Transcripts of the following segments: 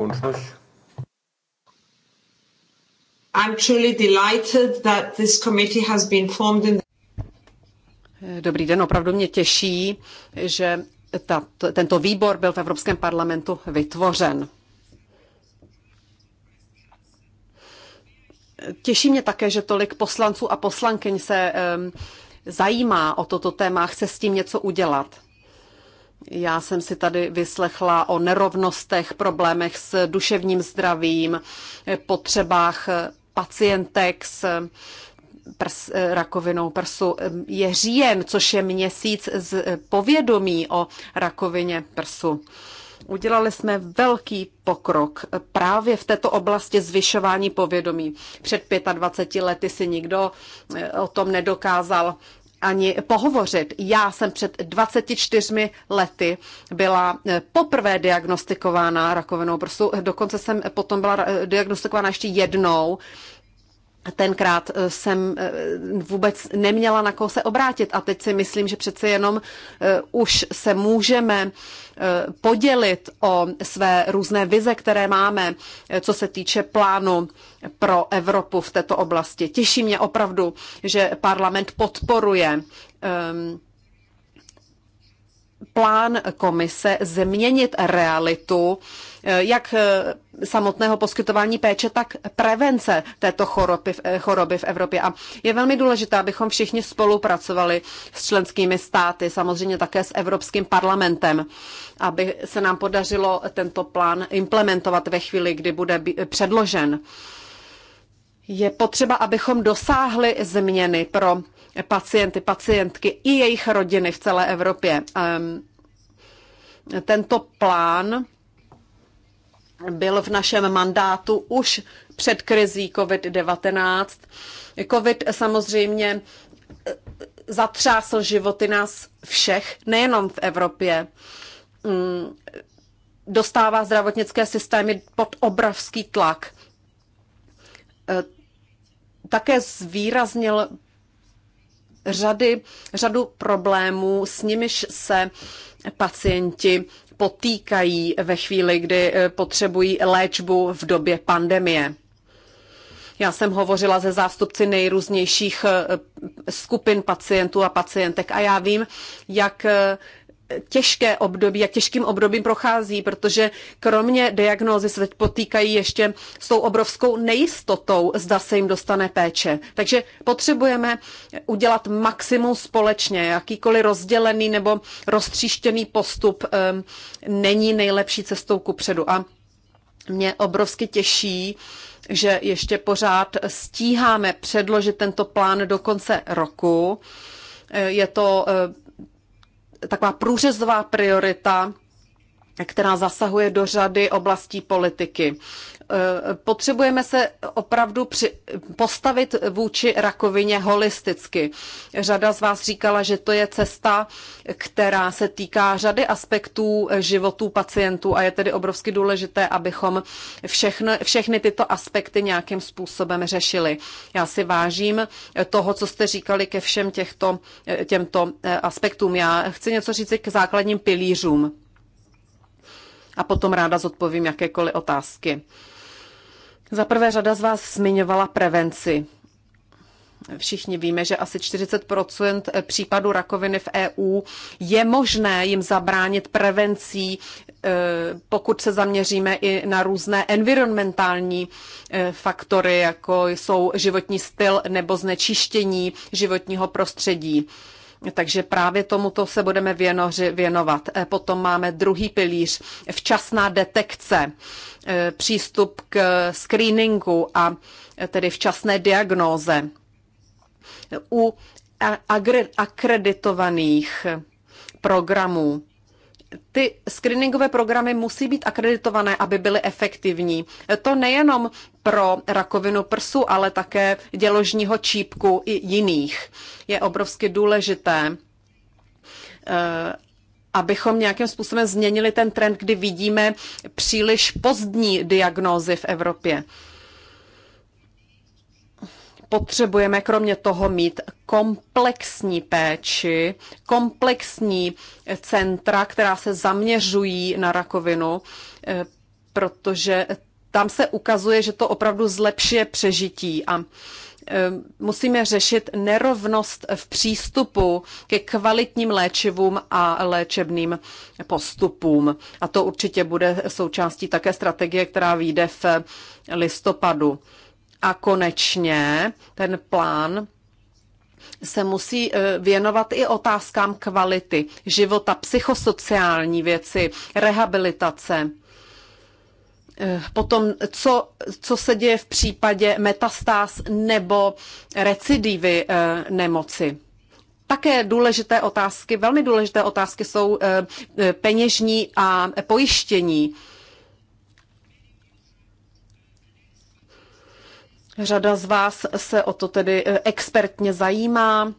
Unschluss. I'm truly delighted that this committee has been formed in Dobrý den, opravdu mě těší, že ta, tento výbor byl v Evropském parlamentu vytvořen. Těší mě také, že tolik poslanců a poslankyň se um, zajímá o toto téma, chce s tím něco udělat. Já jsem si tady vyslechla o nerovnostech, problémech s duševním zdravím, potřebách pacientek s prs, rakovinou prsu. Je říjen, což je měsíc z povědomí o rakovině prsu. Udělali jsme velký pokrok právě v této oblasti zvyšování povědomí. Před 25 lety si nikdo eh, o tom nedokázal ani pohovořit. Já jsem před 24 lety byla eh, poprvé diagnostikována rakovinou prsu, dokonce jsem potom byla eh, diagnostikována ještě jednou, tenkrát eh, jsem eh, vůbec neměla na koho se obrátit a teď si myslím, že přece jenom eh, už se můžeme podělit o své různé vize, které máme, co se týče plánu pro Evropu v této oblasti. Těší mě opravdu, že parlament podporuje um, plán komise změnit realitu eh, jak eh, samotného poskytování péče, tak prevence této choroby, eh, choroby v Evropě. A je velmi důležité, abychom všichni spolupracovali s členskými státy, samozřejmě také s Evropským parlamentem, aby se nám podařilo tento plán implementovat ve chvíli, kdy bude předložen. Je potřeba, abychom dosáhli změny pro pacienty, pacientky i jejich rodiny v celé Evropě. Tento plán byl v našem mandátu už před krizí COVID-19. COVID samozřejmě eh, zatřásl životy nás všech, nejenom v Evropě. Mm, dostává zdravotnické systémy pod obrovský tlak. Eh, také zvýraznil řady, řadu problémů, s nimiž se pacienti potýkají ve chvíli, kdy eh, potřebují léčbu v době pandemie. Já jsem hovořila ze zástupci nejrůznějších eh, skupin pacientů a pacientek a já vím, jak eh, těžké období, jak těžkým obdobím prochází, protože kromě diagnózy se teď potýkají ještě s tou obrovskou nejistotou, zda se jim dostane péče. Takže potřebujeme udělat maximum společně. Jakýkoliv rozdělený nebo roztříštěný postup um, není nejlepší cestou ku předu. A mě obrovsky těší, že ještě pořád stíháme předložit tento plán do konce roku. Je to taková průřezová priorita, která zasahuje do řady oblastí politiky. Eh, potřebujeme se opravdu při, postavit vůči rakovině holisticky. Řada z vás říkala, že to je cesta, která se týká řady aspektů eh, životů pacientů a je tedy obrovsky důležité, abychom všechno, všechny tyto aspekty nějakým způsobem řešili. Já si vážím eh, toho, co jste říkali ke všem těchto, těmto aspektům. Já chci něco říct k základním pilířům a potom ráda zodpovím jakékoliv otázky. Za prvé řada z vás zmiňovala prevenci. Všichni víme, že asi 40 případů rakoviny v EU je možné jim zabránit prevencí, eh, pokud se zaměříme i na různé environmentální eh, faktory, jako jsou životní styl nebo znečištění životního prostředí. Takže právě tomuto se budeme věnoři, věnovat. E, potom máme druhý pilíř, včasná detekce, e, přístup k screeningu a e, tedy včasné diagnóze. U akreditovaných programů ty screeningové programy musí být akreditované, aby byly efektivní. To nejenom pro rakovinu prsu, ale také děložního čípku i jiných. Je obrovsky důležité, eh, abychom nějakým způsobem změnili ten trend, kdy vidíme příliš pozdní diagnózy v Evropě potřebujeme kromě toho mít komplexní péči, komplexní centra, která se zaměřují na rakovinu, eh, protože tam se ukazuje, že to opravdu zlepšuje přežití a eh, musíme řešit nerovnost v přístupu ke kvalitním léčivům a léčebným postupům. A to určitě bude součástí také strategie, která vyjde v listopadu. A konečně ten plán se musí e, věnovat i otázkám kvality života, psychosociální věci, rehabilitace. E, potom, co, co se děje v případě metastáz nebo recidivy e, nemoci. Také důležité otázky, velmi důležité otázky jsou peněžní a pojištění. Řada z vás se o to tedy eh, expertně zajímá.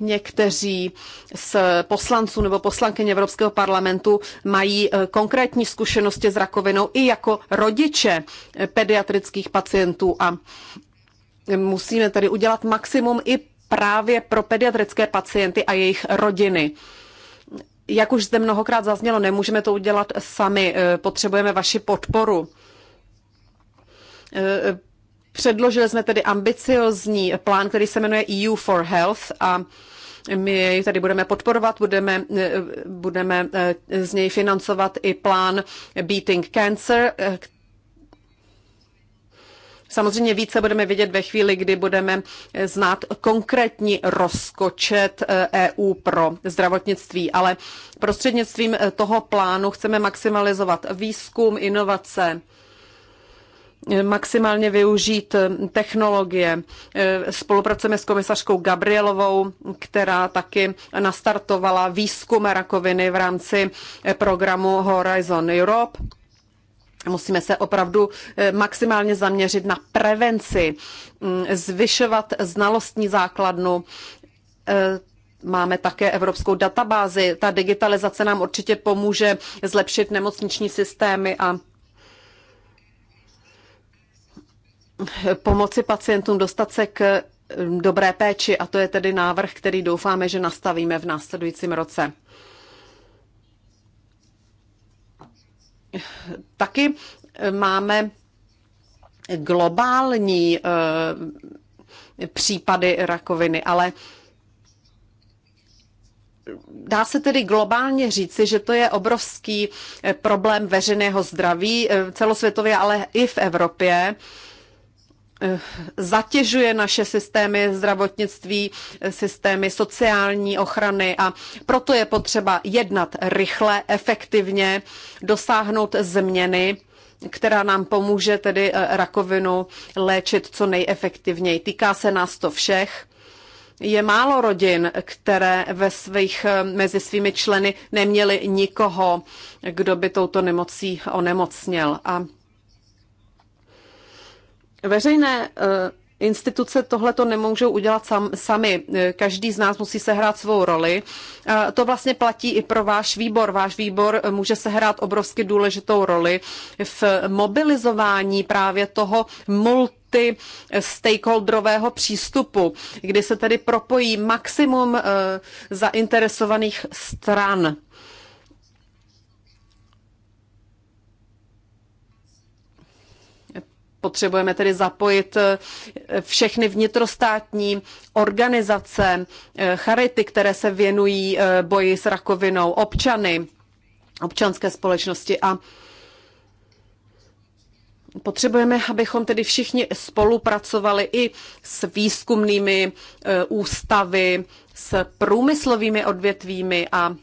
někteří z poslanců nebo poslankyně Evropského parlamentu mají eh, konkrétní zkušenosti s rakovinou i jako rodiče eh, pediatrických pacientů a musíme tedy udělat maximum i právě pro pediatrické pacienty a jejich rodiny jak už zde mnohokrát zaznělo, nemůžeme to udělat sami, eh, potřebujeme vaši podporu. Eh, eh, předložili jsme tedy ambiciozní plán, který se jmenuje EU for Health a my jej tady budeme podporovat, budeme, budeme z něj financovat i plán Beating Cancer, Samozřejmě více budeme vědět ve chvíli, kdy budeme eh, znát konkrétní rozkočet EU eh, e pro zdravotnictví, ale prostřednictvím eh, toho plánu chceme maximalizovat výzkum, inovace, maximálně využít technologie. Spolupracujeme s komisařkou Gabrielovou, která taky nastartovala výzkum rakoviny v rámci programu Horizon Europe Musíme se opravdu eh, maximálně zaměřit na prevenci, mm, zvyšovat znalostní základnu, eh, Máme také evropskou databázi. Ta digitalizace nám určitě pomůže zlepšit nemocniční systémy a pomoci pacientům dostat se k eh, dobré péči. A to je tedy návrh, který doufáme, že nastavíme v následujícím roce. taky eh, máme globální eh, případy rakoviny, ale dá se tedy globálně říci, že to je obrovský eh, problém veřejného zdraví celosvětově, ale i v Evropě. Eh, zatěžuje naše systémy zdravotnictví, eh, systémy sociální ochrany a proto je potřeba jednat rychle, efektivně, dosáhnout změny, která nám pomůže tedy eh, rakovinu léčit co nejefektivněji. Týká se nás to všech. Je málo rodin, které ve svých, mezi svými členy neměly nikoho, kdo by touto nemocí onemocněl. A Veřejné eh, instituce tohle to nemůžou udělat sam, sami. Eh, každý z nás musí sehrát svou roli. Eh, to vlastně platí i pro váš výbor. Váš výbor může sehrát obrovsky důležitou roli v mobilizování právě toho multi ty stakeholderového přístupu, kdy se tedy propojí maximum zainteresovaných stran Potřebujeme tedy zapojit eh, všechny vnitrostátní organizace, eh, charity, které se věnují eh, boji s rakovinou, občany, občanské společnosti a Potřebujeme, abychom tedy všichni spolupracovali i s výzkumnými ústavy, s průmyslovými odvětvími a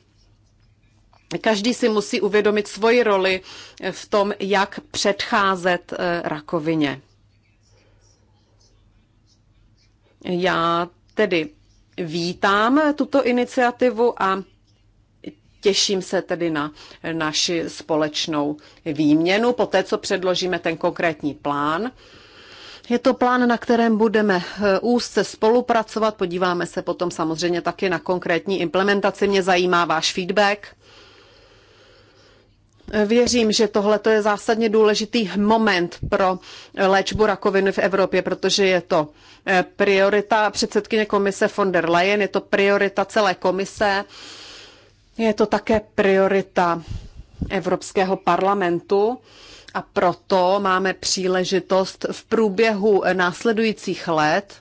Každý si musí uvědomit svoji roli v tom, jak předcházet eh, rakovině. Já tedy vítám tuto iniciativu a těším se tedy na naši společnou výměnu, po té, co předložíme ten konkrétní plán. Je to plán, na kterém budeme eh, úzce spolupracovat. Podíváme se potom samozřejmě taky na konkrétní implementaci. Mě zajímá váš feedback. Věřím, že tohle je zásadně důležitý moment pro léčbu rakoviny v Evropě, protože je to eh, priorita předsedkyně komise von der Leyen, je to priorita celé komise, je to také priorita Evropského parlamentu a proto máme příležitost v průběhu následujících let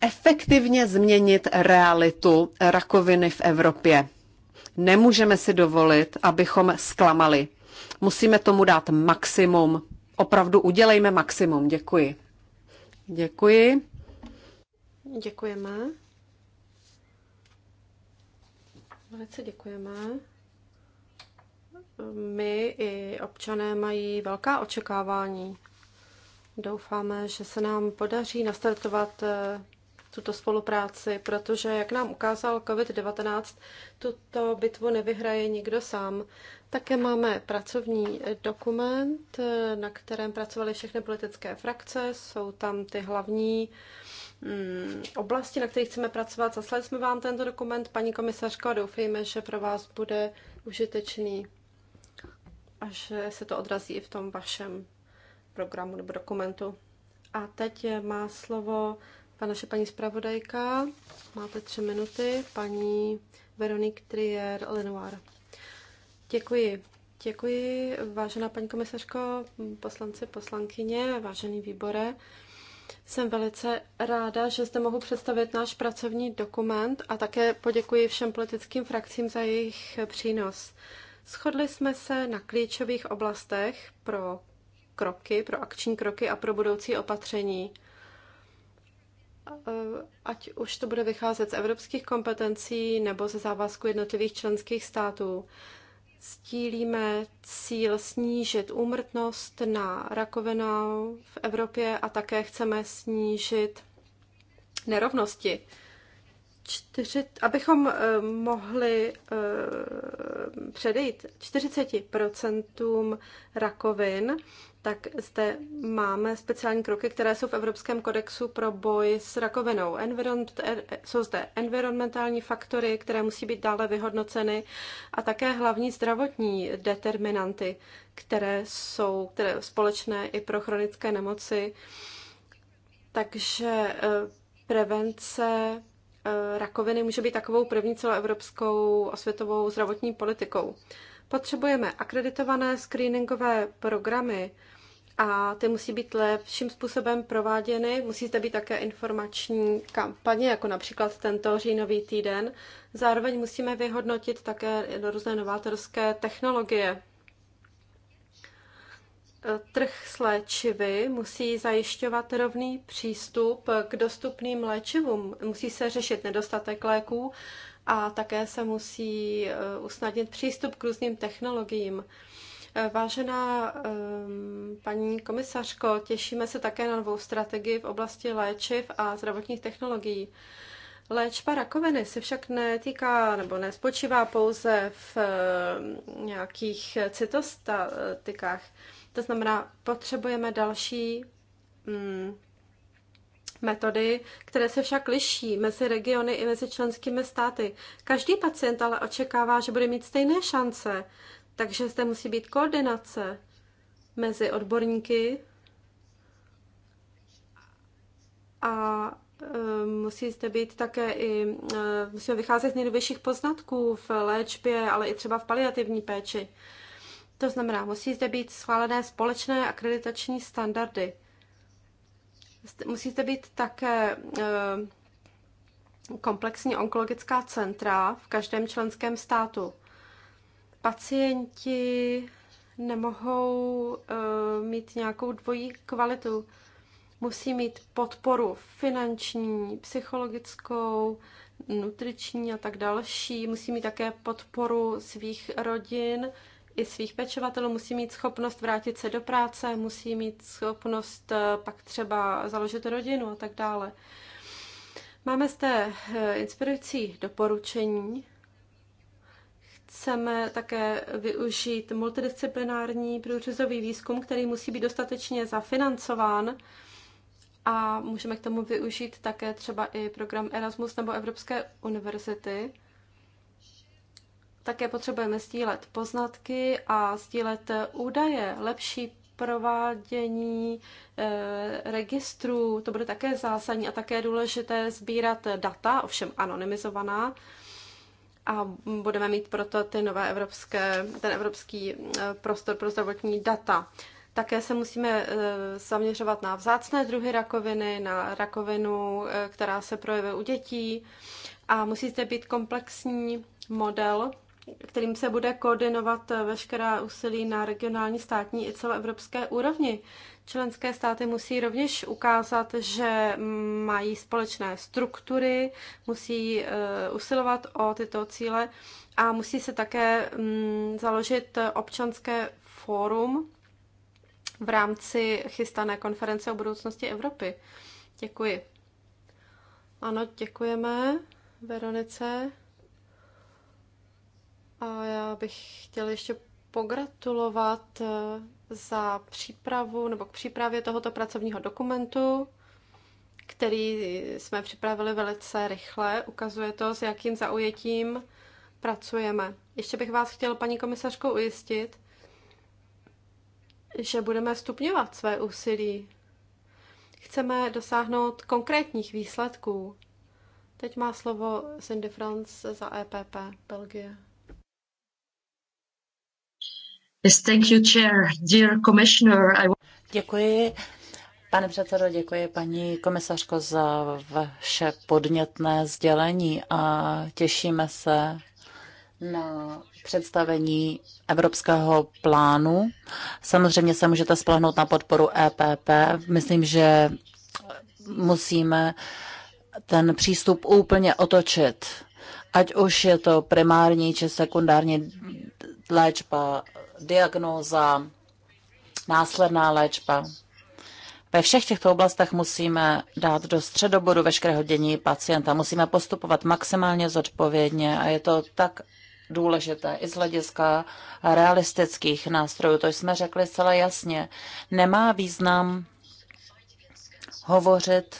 efektivně změnit realitu rakoviny v Evropě. Nemůžeme si dovolit, abychom zklamali. Musíme tomu dát maximum. Opravdu udělejme maximum. Děkuji. Děkuji. Děkujeme. Velice děkujeme. My i občané mají velká očekávání. Doufáme, že se nám podaří nastartovat eh, tuto spolupráci, protože, jak nám ukázal COVID-19, tuto bitvu nevyhraje nikdo sám. Také máme pracovní dokument, na kterém pracovaly všechny politické frakce, jsou tam ty hlavní mm, oblasti, na kterých chceme pracovat. Zaslali jsme vám tento dokument, paní komisařko, a doufejme, že pro vás bude užitečný a že se to odrazí i v tom vašem programu nebo dokumentu. A teď má slovo Pan naše paní zpravodajka, máte tři minuty, paní Veronique Trier Lenoir. Děkuji. Děkuji, vážená paní komisařko, poslanci, poslankyně, vážený výbore. Jsem velice ráda, že zde mohu představit náš pracovní dokument a také poděkuji všem politickým frakcím za jejich přínos. Shodli jsme se na klíčových oblastech pro kroky, pro akční kroky a pro budoucí opatření. Eh, ať už to bude vycházet z evropských kompetencí nebo ze závazku jednotlivých členských států. Stílíme cíl snížit úmrtnost na rakovinu v Evropě a také chceme snížit nerovnosti. Čtyři, abychom eh, mohli eh, předejít 40% rakovin, tak zde máme speciální kroky, které jsou v Evropském kodexu pro boj s rakovinou. Environ, eh, jsou zde environmentální faktory, které musí být dále vyhodnoceny a také hlavní zdravotní determinanty, které jsou které společné i pro chronické nemoci. Takže eh, prevence eh, rakoviny může být takovou první celoevropskou osvětovou zdravotní politikou. Potřebujeme akreditované screeningové programy a ty musí být lepším způsobem prováděny. Musí zde být také informační kampaně, jako například tento říjnový týden. Zároveň musíme vyhodnotit také různé novátorské technologie. Trh s léčivy musí zajišťovat rovný přístup k dostupným léčivům. Musí se řešit nedostatek léků a také se musí eh, usnadnit přístup k různým technologiím. Eh, vážená eh, paní komisařko, těšíme se také na novou strategii v oblasti léčiv a zdravotních technologií. Léčba rakoviny se však netýká nebo nespočívá pouze v nějakých cytostatikách. To znamená, potřebujeme další mm, metody, které se však liší mezi regiony i mezi členskými státy. Každý pacient ale očekává, že bude mít stejné šance, takže zde musí být koordinace mezi odborníky a eh, musí zde být také i, eh, musíme vycházet z nejnovějších poznatků v léčbě, ale i třeba v paliativní péči. To znamená, musí zde být schválené společné akreditační standardy. Musíte být také eh, komplexní onkologická centra v každém členském státu. Pacienti nemohou eh, mít nějakou dvojí kvalitu. Musí mít podporu finanční, psychologickou, nutriční a tak další. Musí mít také podporu svých rodin, i svých pečovatelů, musí mít schopnost vrátit se do práce, musí mít schopnost eh, pak třeba založit rodinu a tak dále. Máme zde eh, inspirující doporučení. Chceme také využít multidisciplinární průřezový výzkum, který musí být dostatečně zafinancován a můžeme k tomu využít také třeba i program Erasmus nebo Evropské univerzity. Také potřebujeme sdílet poznatky a sdílet údaje, lepší provádění e, registrů, to bude také zásadní a také důležité sbírat data, ovšem anonymizovaná. A budeme mít proto ty nové evropské, ten evropský eh, prostor pro zdravotní data. Také se musíme eh, zaměřovat na vzácné druhy rakoviny, na rakovinu, která se projevuje u dětí a musíte být komplexní model kterým se bude koordinovat veškerá úsilí na regionální, státní i celoevropské úrovni. Členské státy musí rovněž ukázat, že mají společné struktury, musí eh, usilovat o tyto cíle a musí se také mm, založit občanské fórum v rámci chystané konference o budoucnosti Evropy. Děkuji. Ano, děkujeme Veronice. A já bych chtěla ještě pogratulovat eh, za přípravu nebo k přípravě tohoto pracovního dokumentu, který jsme připravili velice rychle. Ukazuje to, s jakým zaujetím pracujeme. Ještě bych vás chtěla, paní komisařko, ujistit, že budeme stupňovat své úsilí. Chceme dosáhnout konkrétních výsledků. Teď má slovo Cindy France za EPP Belgie. Yes, thank you, chair. Dear commissioner, I... Děkuji. Pane předsedo, děkuji paní komisařko za vaše podnětné sdělení a těšíme se na představení evropského plánu. Samozřejmě se můžete spolehnout na podporu EPP. Myslím, že musíme ten přístup úplně otočit. Ať už je to primární či sekundární léčba diagnóza, následná léčba. Ve všech těchto oblastech musíme dát do středobodu veškerého dění pacienta. Musíme postupovat maximálně zodpovědně a je to tak důležité i z hlediska realistických nástrojů. To jsme řekli zcela jasně. Nemá význam hovořit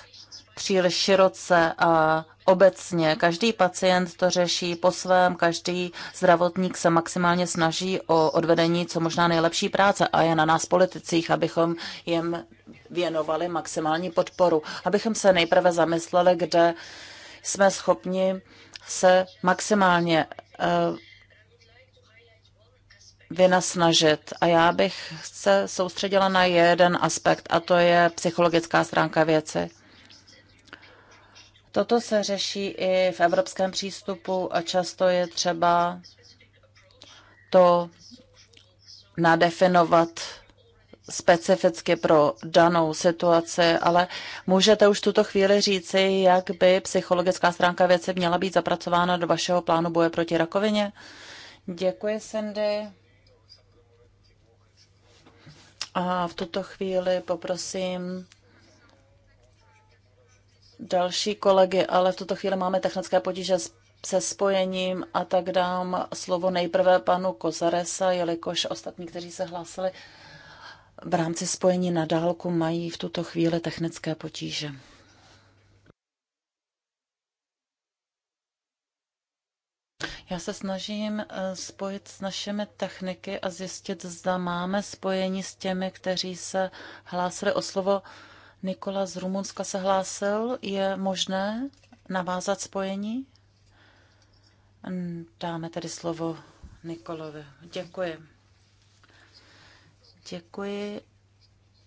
příliš široce a obecně. Každý pacient to řeší po svém, každý zdravotník se maximálně snaží o odvedení co možná nejlepší práce a je na nás politicích, abychom jim věnovali maximální podporu. Abychom se nejprve zamysleli, kde jsme schopni se maximálně eh, vynasnažit. A já bych se soustředila na jeden aspekt, a to je psychologická stránka věci. Toto se řeší i v evropském přístupu a často je třeba to nadefinovat specificky pro danou situaci, ale můžete už tuto chvíli říci, jak by psychologická stránka věci měla být zapracována do vašeho plánu boje proti rakovině? Děkuji, Sandy. A v tuto chvíli poprosím další kolegy, ale v tuto chvíli máme technické potíže se spojením a tak dám slovo nejprve panu Kozaresa, jelikož ostatní, kteří se hlásili v rámci spojení na dálku, mají v tuto chvíli technické potíže. Já se snažím eh, spojit s našimi techniky a zjistit, zda máme spojení s těmi, kteří se hlásili o slovo. Nikola z Rumunska se hlásil. Je možné navázat spojení? Dáme tedy slovo Nikolovi. Děkuji. Děkuji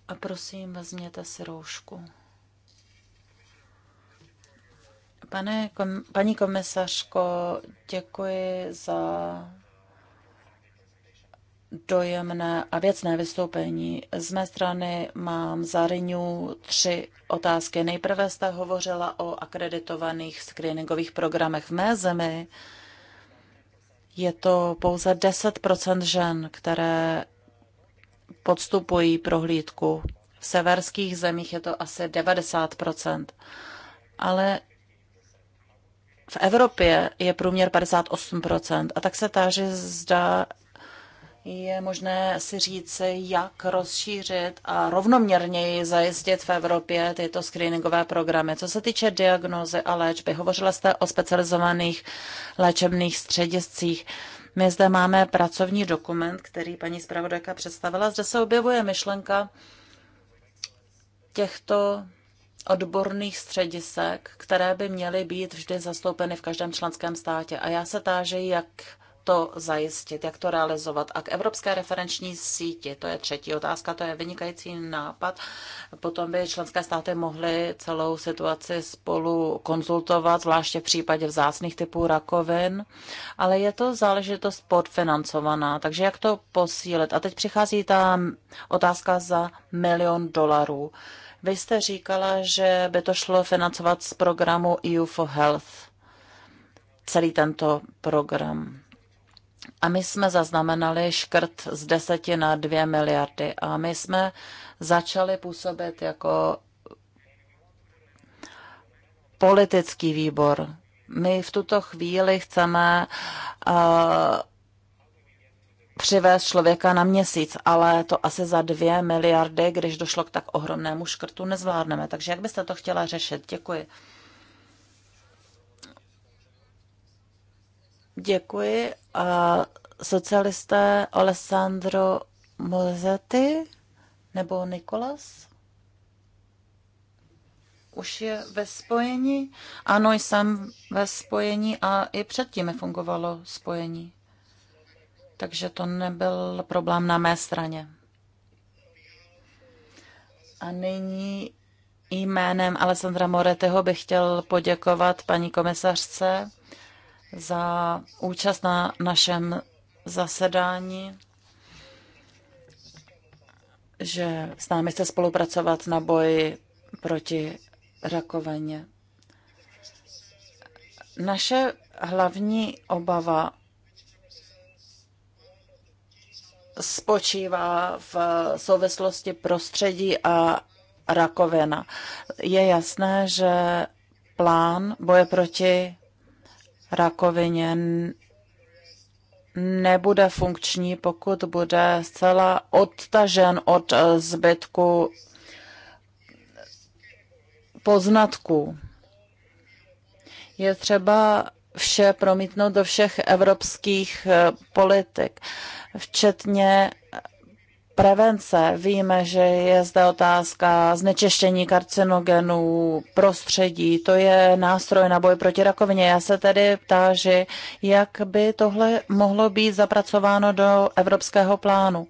a prosím, vezměte si roušku. Pane, kom, paní komisařko, děkuji za dojemné a věcné vystoupení. Z mé strany mám za Renew tři otázky. Nejprve jste hovořila o akreditovaných screeningových programech v mé zemi. Je to pouze 10% žen, které podstupují prohlídku. V severských zemích je to asi 90%. Ale v Evropě je průměr 58%. A tak se táže, zda je možné si říct, jak rozšířit a rovnoměrněji zajistit v Evropě tyto screeningové programy. Co se týče diagnozy a léčby, hovořila jste o specializovaných léčebných střediscích. My zde máme pracovní dokument, který paní zpravodajka představila. Zde se objevuje myšlenka těchto odborných středisek, které by měly být vždy zastoupeny v každém členském státě. A já se táži, jak to zajistit, jak to realizovat. A k Evropské referenční síti, to je třetí otázka, to je vynikající nápad. Potom by členské státy mohly celou situaci spolu konzultovat, zvláště v případě vzácných typů rakovin, ale je to záležitost podfinancovaná, takže jak to posílit? A teď přichází ta otázka za milion dolarů. Vy jste říkala, že by to šlo financovat z programu EU for Health, celý tento program. A my jsme zaznamenali škrt z deseti na dvě miliardy. A my jsme začali působit jako politický výbor. My v tuto chvíli chceme uh, přivést člověka na měsíc, ale to asi za dvě miliardy, když došlo k tak ohromnému škrtu, nezvládneme. Takže jak byste to chtěla řešit? Děkuji. Děkuji a socialisté Alessandro Mozetti nebo Nikolas? Už je ve spojení? Ano, jsem ve spojení a i předtím mi fungovalo spojení. Takže to nebyl problém na mé straně. A nyní jménem Alessandra Moreteho bych chtěl poděkovat paní komisařce za účast na našem zasedání, že s námi chce spolupracovat na boji proti rakovině. Naše hlavní obava spočívá v souvislosti prostředí a rakovina. Je jasné, že plán boje proti rakovině nebude funkční, pokud bude zcela odtažen od eh, zbytku poznatků. Je třeba vše promítnout do všech evropských eh, politik, včetně prevence. Víme, že je zde otázka znečištění karcinogenů, prostředí. To je nástroj na boj proti rakovině. Já se tedy ptáži, jak by tohle mohlo být zapracováno do evropského plánu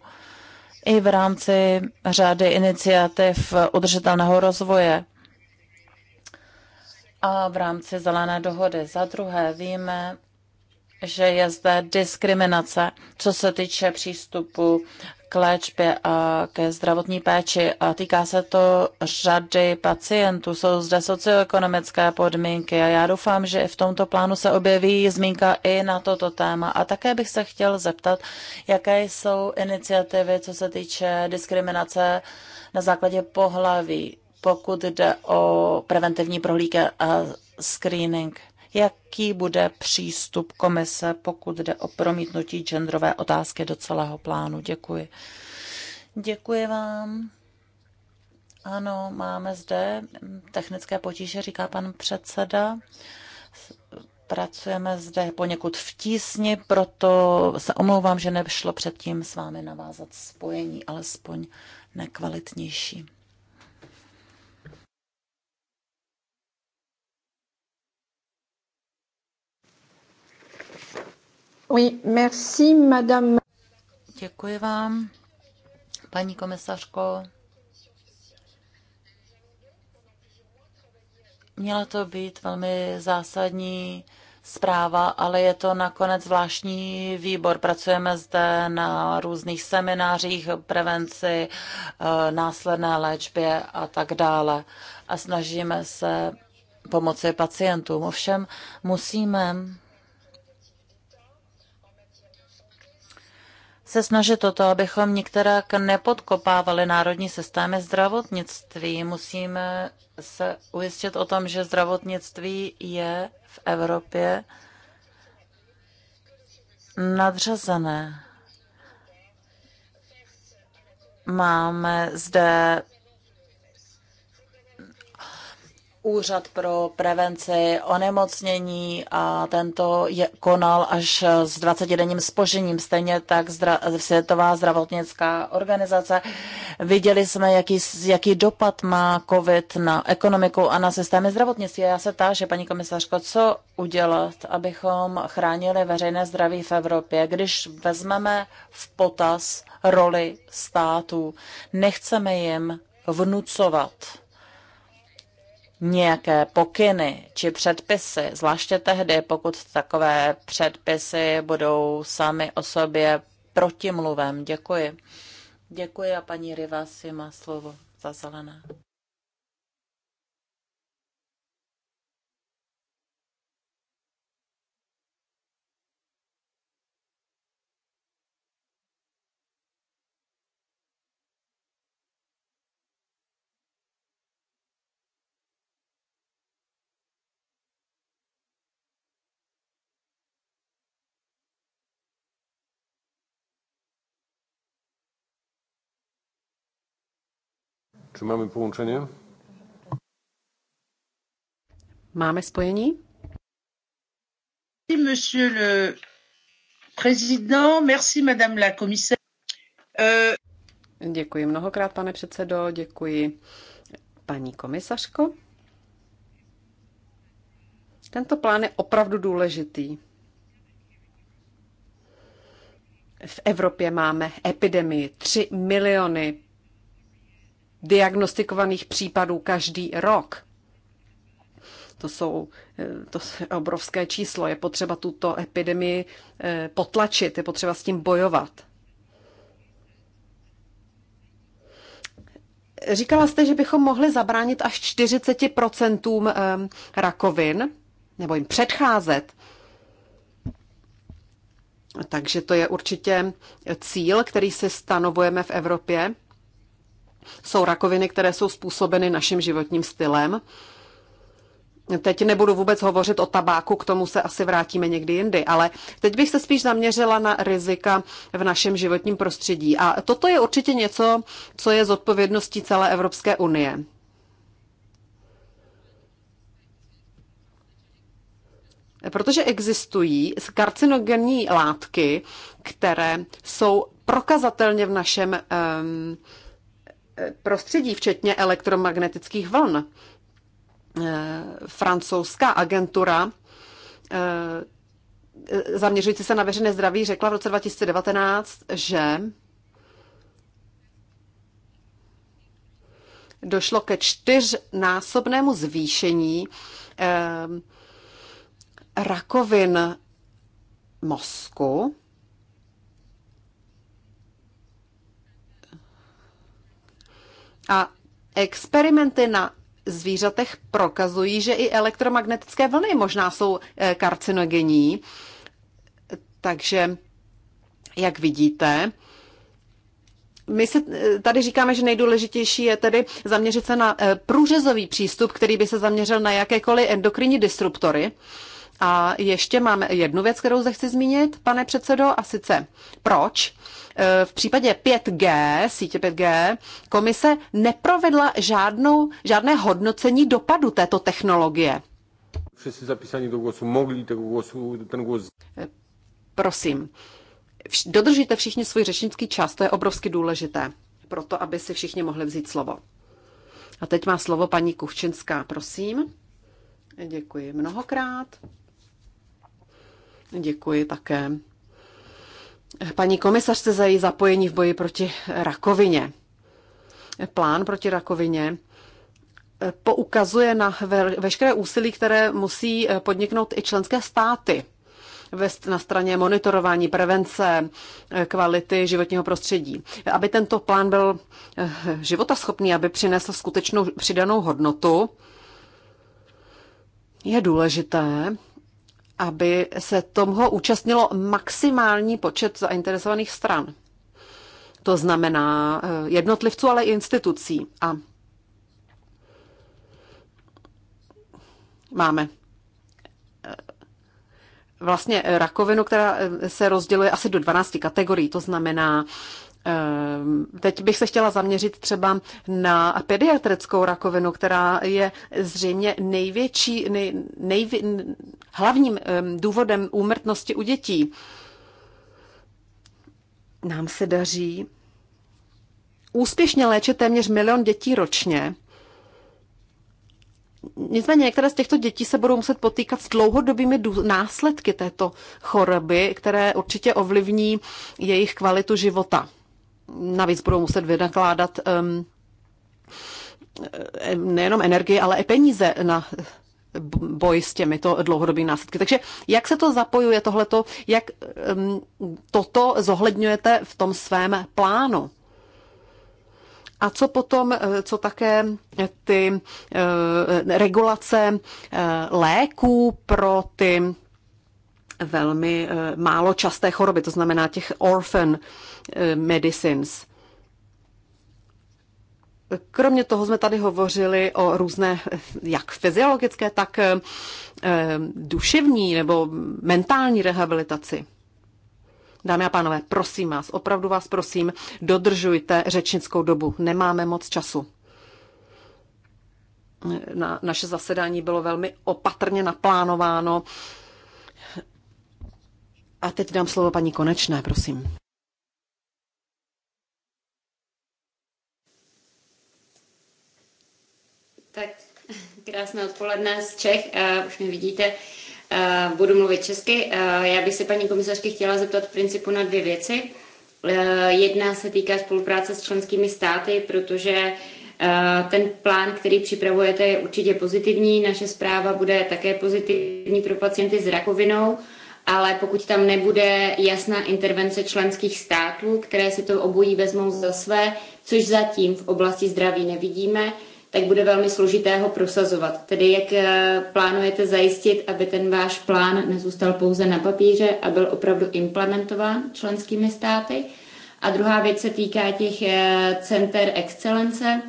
i v rámci řady iniciativ udržitelného rozvoje a v rámci zelené dohody. Za druhé víme, že je zde diskriminace, co se týče přístupu k léčbě a ke zdravotní péči a týká se to řady pacientů. Jsou zde socioekonomické podmínky a já doufám, že v tomto plánu se objeví zmínka i na toto téma. A také bych se chtěl zeptat, jaké jsou iniciativy, co se týče diskriminace na základě pohlaví, pokud jde o preventivní prohlídky a screening jaký bude přístup komise, pokud jde o promítnutí genderové otázky do celého plánu. Děkuji. Děkuji vám. Ano, máme zde technické potíže, říká pan předseda. Pracujeme zde poněkud v tísni, proto se omlouvám, že nešlo předtím s vámi navázat spojení, alespoň nekvalitnější. Oui, merci, madame. Děkuji vám, paní komisařko. Měla to být velmi zásadní zpráva, ale je to nakonec zvláštní výbor. Pracujeme zde na různých seminářích, prevenci, eh, následné léčbě a tak dále. A snažíme se pomoci pacientům. Ovšem musíme se snažit o to, abychom některak nepodkopávali národní systémy zdravotnictví. Musíme se ujistit o tom, že zdravotnictví je v Evropě nadřazené. Máme zde Úřad pro prevenci onemocnění a tento je, konal až s 20-denním spožením, stejně tak zdra, Světová zdravotnická organizace. Viděli jsme, jaký, jaký dopad má COVID na ekonomiku a na systémy zdravotnictví. Já se táže, paní komisařko, co udělat, abychom chránili veřejné zdraví v Evropě, když vezmeme v potaz roli států. Nechceme jim vnucovat nějaké pokyny či předpisy, zvláště tehdy, pokud takové předpisy budou sami o sobě protimluvem. Děkuji. Děkuji a paní si má slovo za zelené. Czy mamy połączenie? Máme spojení? Monsieur le président, merci madame la commissaire. Euh, děkuji mnohokrát, pane předsedo, děkuji paní komisařko. Tento plán je opravdu důležitý. V Evropě máme epidemii 3 miliony diagnostikovaných případů každý rok. To jsou eh, to je obrovské číslo. Je potřeba tuto epidemii eh, potlačit, je potřeba s tím bojovat. Říkala jste, že bychom mohli zabránit až 40% ehm, rakovin, nebo jim předcházet. Takže to je určitě cíl, který si stanovujeme v Evropě. Jsou rakoviny, které jsou způsobeny naším životním stylem. Teď nebudu vůbec hovořit o tabáku, k tomu se asi vrátíme někdy jindy, ale teď bych se spíš zaměřila na rizika v našem životním prostředí. A toto je určitě něco, co je zodpovědností celé Evropské unie. Protože existují karcinogenní látky, které jsou prokazatelně v našem um, prostředí, včetně elektromagnetických vln. Eh, francouzská agentura eh, zaměřující se na veřejné zdraví řekla v roce 2019, že došlo ke čtyřnásobnému zvýšení eh, rakovin mozku A experimenty na zvířatech prokazují, že i elektromagnetické vlny možná jsou eh, karcinogenní. Takže, jak vidíte, my se eh, tady říkáme, že nejdůležitější je tedy zaměřit se na eh, průřezový přístup, který by se zaměřil na jakékoliv endokrinní disruptory. A ještě máme jednu věc, kterou zde chci zmínit, pane předsedo, a sice proč e, v případě 5G, sítě 5G, komise neprovedla žádnou, žádné hodnocení dopadu této technologie. Všichni zapísaní do głosu mohli tego głosu, ten głos... E, prosím, dodržíte všichni svůj řečnický čas, to je obrovsky důležité, proto aby si všichni mohli vzít slovo. A teď má slovo paní Kuchčinská, prosím. Děkuji mnohokrát. Děkuji také paní komisařce za její zapojení v boji proti rakovině. Plán proti rakovině poukazuje na veškeré úsilí, které musí podniknout i členské státy na straně monitorování, prevence, kvality životního prostředí. Aby tento plán byl eh, životaschopný, aby přinesl skutečnou přidanou hodnotu, je důležité, aby se toho účastnilo maximální počet zainteresovaných stran. To znamená eh, jednotlivců, ale i institucí. A máme eh, vlastně rakovinu, která eh, se rozděluje asi do 12 kategorií, to znamená Ehm, teď bych se chtěla zaměřit třeba na pediatrickou rakovinu, která je zřejmě největší, nej, nejvě, hlavním ehm, důvodem úmrtnosti u dětí. Nám se daří úspěšně léčit téměř milion dětí ročně. Nicméně některé z těchto dětí se budou muset potýkat s dlouhodobými následky této choroby, které určitě ovlivní jejich kvalitu života. Navíc budou muset vynakládat um, eh, nejenom energii, ale i peníze na boj s těmito dlouhodobými následky. Takže jak se to zapojuje tohleto, jak um, toto zohledňujete v tom svém plánu? A co potom, eh, co také eh, ty regulace léků pro ty velmi eh, málo časté choroby, to znamená těch orphan eh, medicines. Kromě toho jsme tady hovořili o různé, eh, jak fyziologické, tak duševní nebo mentální rehabilitaci. Dámy a pánové, prosím vás, opravdu vás prosím, dodržujte řečnickou dobu. Nemáme moc času. Na, naše zasedání bylo velmi opatrně naplánováno. A teď dám slovo paní Konečné, prosím. Tak, krásné odpoledne z Čech, uh, už mě vidíte. Uh, budu mluvit česky. Uh, já bych se paní komisařky chtěla zeptat v principu na dvě věci. Uh, jedna se týká spolupráce s členskými státy, protože ten plán, který připravujete, je určitě pozitivní. Naše zpráva bude také pozitivní pro pacienty s rakovinou ale pokud tam nebude jasná intervence členských států, které si to obojí vezmou za své, což zatím v oblasti zdraví nevidíme, tak bude velmi složité ho prosazovat. Tedy jak eh, plánujete zajistit, aby ten váš plán nezůstal pouze na papíře a byl opravdu implementován členskými státy? A druhá věc se týká těch eh, center excelence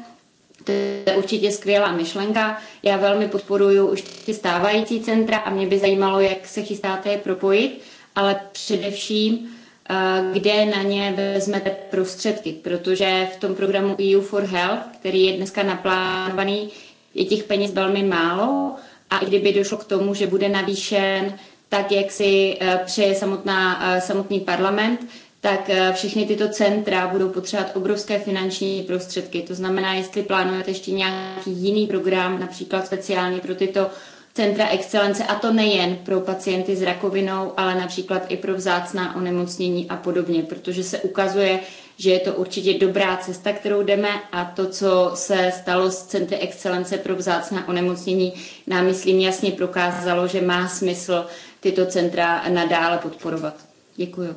to je určitě skvělá myšlenka. Já velmi podporuji už ty stávající centra a mě by zajímalo, jak se chystáte je propojit, ale především, eh, kde na ně vezmete prostředky, protože v tom programu EU for Health, který je dneska naplánovaný, je těch peněz velmi málo a i kdyby došlo k tomu, že bude navýšen tak, jak si eh, přeje samotná, eh, samotný parlament, tak eh, všechny tyto centra budou potřebovat obrovské finanční prostředky. To znamená, jestli plánujete ještě nějaký jiný program, například speciálně pro tyto centra excelence, a to nejen pro pacienty s rakovinou, ale například i pro vzácná onemocnění a podobně, protože se ukazuje, že je to určitě dobrá cesta, kterou jdeme a to, co se stalo s Centry excelence pro vzácná onemocnění, nám myslím jasně prokázalo, že má smysl tyto centra nadále podporovat. Děkuji.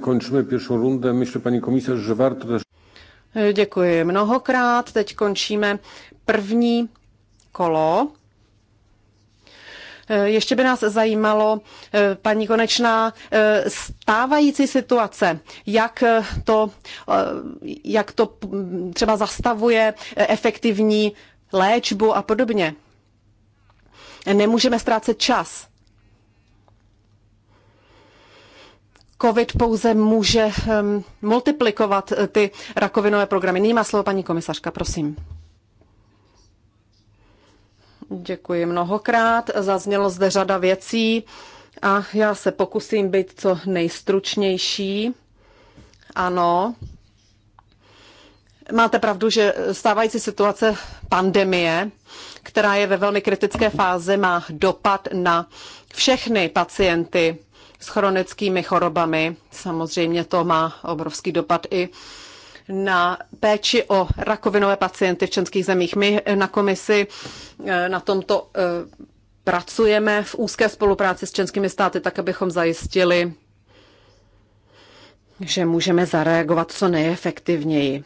Končíme pěšou rundu. Myslím, paní komisař, že varto też... Děkuji mnohokrát. Teď končíme první kolo. Eh, ještě by nás zajímalo, eh, paní Konečná, eh, stávající situace, jak to, jak to mm, třeba zastavuje efektivní léčbu a podobně. Nemůžeme ztrácet čas. COVID pouze může ehm, multiplikovat eh, ty rakovinové programy. Nyní má slovo paní komisařka, prosím. Děkuji mnohokrát. Zaznělo zde řada věcí a já se pokusím být co nejstručnější. Ano, máte pravdu, že stávající situace pandemie, která je ve velmi kritické fázi, má dopad na všechny pacienty s chronickými chorobami. Samozřejmě to má obrovský dopad i na péči o rakovinové pacienty v českých zemích. My na komisi eh, na tomto eh, pracujeme v úzké spolupráci s českými státy, tak abychom zajistili, že můžeme zareagovat co nejefektivněji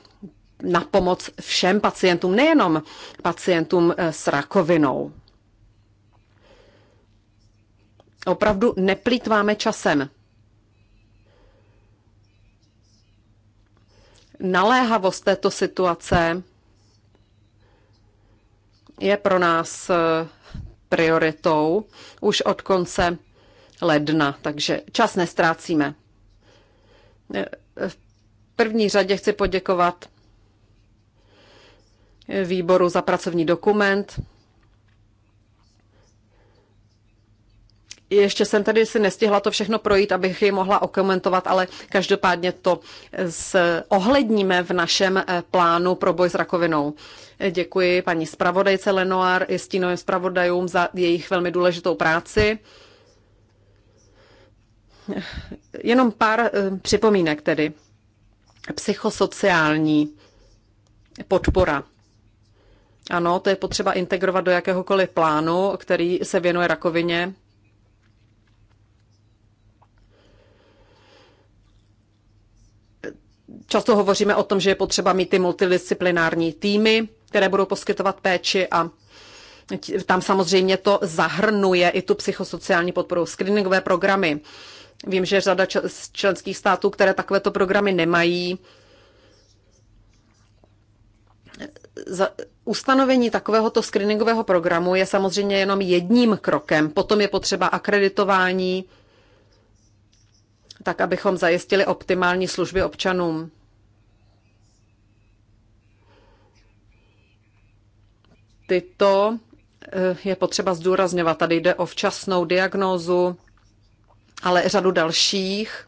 na pomoc všem pacientům, nejenom pacientům eh, s rakovinou opravdu neplýtváme časem. Naléhavost této situace je pro nás eh, prioritou už od konce ledna, takže čas nestrácíme. Eh, v první řadě chci poděkovat eh, výboru za pracovní dokument, Ještě jsem tady si nestihla to všechno projít, abych ji mohla okomentovat, ale každopádně to ohledníme v našem eh, plánu pro boj s rakovinou. Děkuji paní zpravodajce Lenoir i stínovým zpravodajům za jejich velmi důležitou práci. Jenom pár eh, připomínek tedy. Psychosociální podpora. Ano, to je potřeba integrovat do jakéhokoliv plánu, který se věnuje rakovině. Často hovoříme o tom, že je potřeba mít ty multidisciplinární týmy, které budou poskytovat péči a tam samozřejmě to zahrnuje i tu psychosociální podporu, screeningové programy. Vím, že řada členských států, které takovéto programy nemají, za, ustanovení takovéhoto screeningového programu je samozřejmě jenom jedním krokem. Potom je potřeba akreditování tak abychom zajistili optimální služby občanům. Tyto eh, je potřeba zdůrazňovat. Tady jde o včasnou diagnózu, ale řadu dalších.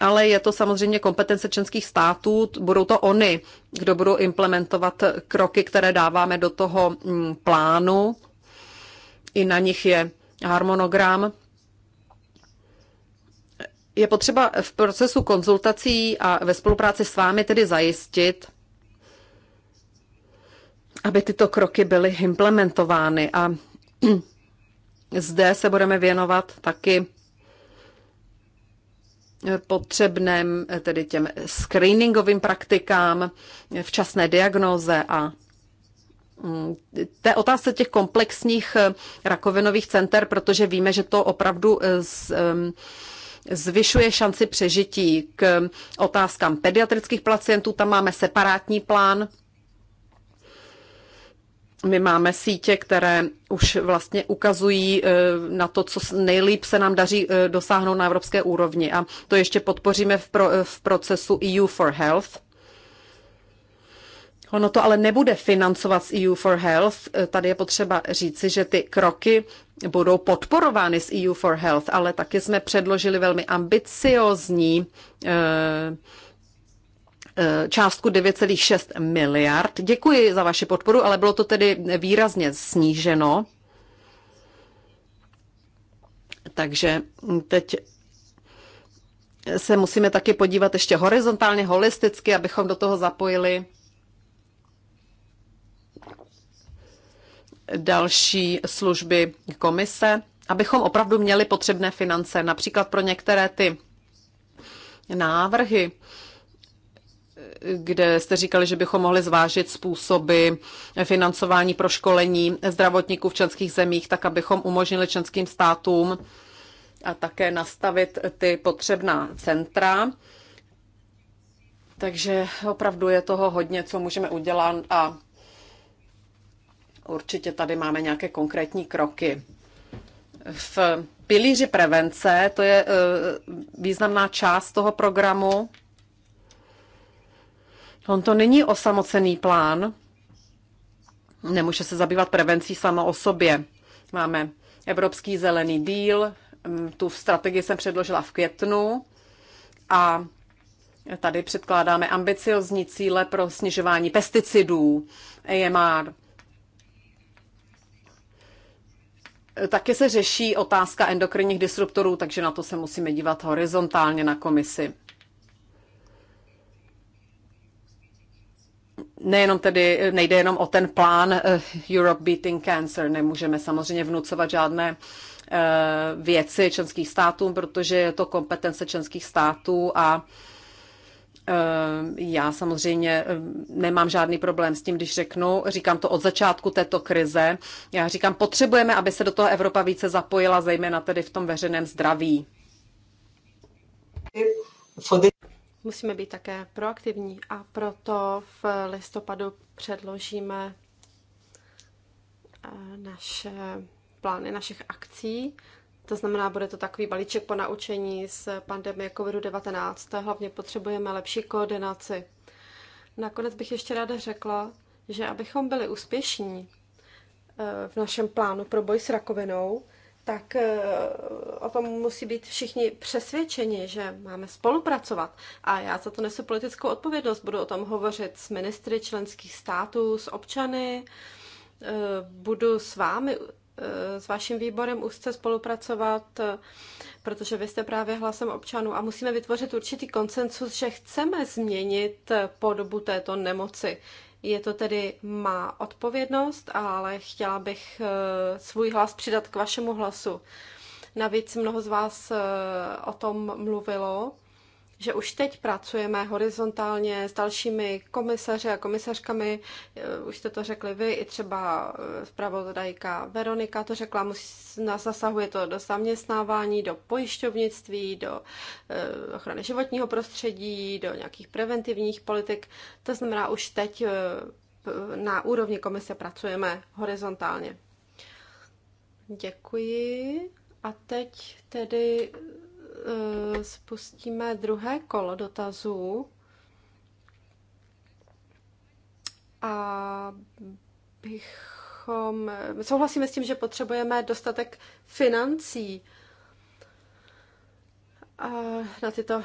Ale je to samozřejmě kompetence členských států, budou to oni, kdo budou implementovat kroky, které dáváme do toho mm, plánu. I na nich je harmonogram je potřeba v procesu konzultací a ve spolupráci s vámi tedy zajistit, aby tyto kroky byly implementovány. A zde se budeme věnovat taky potřebném, tedy těm screeningovým praktikám, včasné diagnóze a mm, té otázce těch komplexních rakovinových center, protože víme, že to opravdu z, eh, zvyšuje šanci přežití. K otázkám pediatrických pacientů tam máme separátní plán. My máme sítě, které už vlastně ukazují eh, na to, co nejlíp se nám daří eh, dosáhnout na evropské úrovni. A to ještě podpoříme v, pro, v procesu EU for Health. Ono to ale nebude financovat z EU for Health. E, tady je potřeba říci, že ty kroky budou podporovány z EU for Health, ale taky jsme předložili velmi ambiciozní e, e, částku 9,6 miliard. Děkuji za vaši podporu, ale bylo to tedy výrazně sníženo. Takže teď se musíme taky podívat ještě horizontálně, holisticky, abychom do toho zapojili další služby komise, abychom opravdu měli potřebné finance, například pro některé ty návrhy, kde jste říkali, že bychom mohli zvážit způsoby financování pro školení zdravotníků v členských zemích, tak abychom umožnili členským státům a také nastavit ty potřebná centra. Takže opravdu je toho hodně, co můžeme udělat a určitě tady máme nějaké konkrétní kroky. V pilíři prevence, to je e, významná část toho programu. On to není osamocený plán, nemůže se zabývat prevencí samo o sobě. Máme Evropský zelený díl, tu strategii jsem předložila v květnu a tady předkládáme ambiciozní cíle pro snižování pesticidů, AMR, Také se řeší otázka endokrinních disruptorů, takže na to se musíme dívat horizontálně na komisi. Nejenom tedy, nejde jenom o ten plán eh, Europe Beating Cancer. Nemůžeme samozřejmě vnucovat žádné eh, věci členských států, protože je to kompetence členských států a Ehm, já samozřejmě ehm, nemám žádný problém s tím, když řeknu, říkám to od začátku této krize, já říkám, potřebujeme, aby se do toho Evropa více zapojila, zejména tedy v tom veřejném zdraví. Musíme být také proaktivní a proto v listopadu předložíme eh, naše plány našich akcí to znamená, bude to takový balíček po naučení z pandemie COVID-19. Hlavně potřebujeme lepší koordinaci. Nakonec bych ještě ráda řekla, že abychom byli úspěšní eh, v našem plánu pro boj s rakovinou, tak eh, o tom musí být všichni přesvědčeni, že máme spolupracovat. A já za to nesu politickou odpovědnost. Budu o tom hovořit s ministry členských států, s občany, eh, budu s vámi s vaším výborem úzce spolupracovat, protože vy jste právě hlasem občanů a musíme vytvořit určitý konsensus, že chceme změnit podobu této nemoci. Je to tedy má odpovědnost, ale chtěla bych eh, svůj hlas přidat k vašemu hlasu. Navíc mnoho z vás eh, o tom mluvilo že už teď pracujeme horizontálně s dalšími komisaři a komisařkami, eh, už jste to řekli vy, i třeba eh, zpravodajka Veronika to řekla, musí, nás zasahuje to do zaměstnávání, do pojišťovnictví, do eh, ochrany životního prostředí, do nějakých preventivních politik. To znamená, už teď na úrovni komise pracujeme horizontálně. Děkuji. A teď tedy Eh, spustíme druhé kolo dotazů a bychom... Souhlasíme s tím, že potřebujeme dostatek financí a eh, na tyto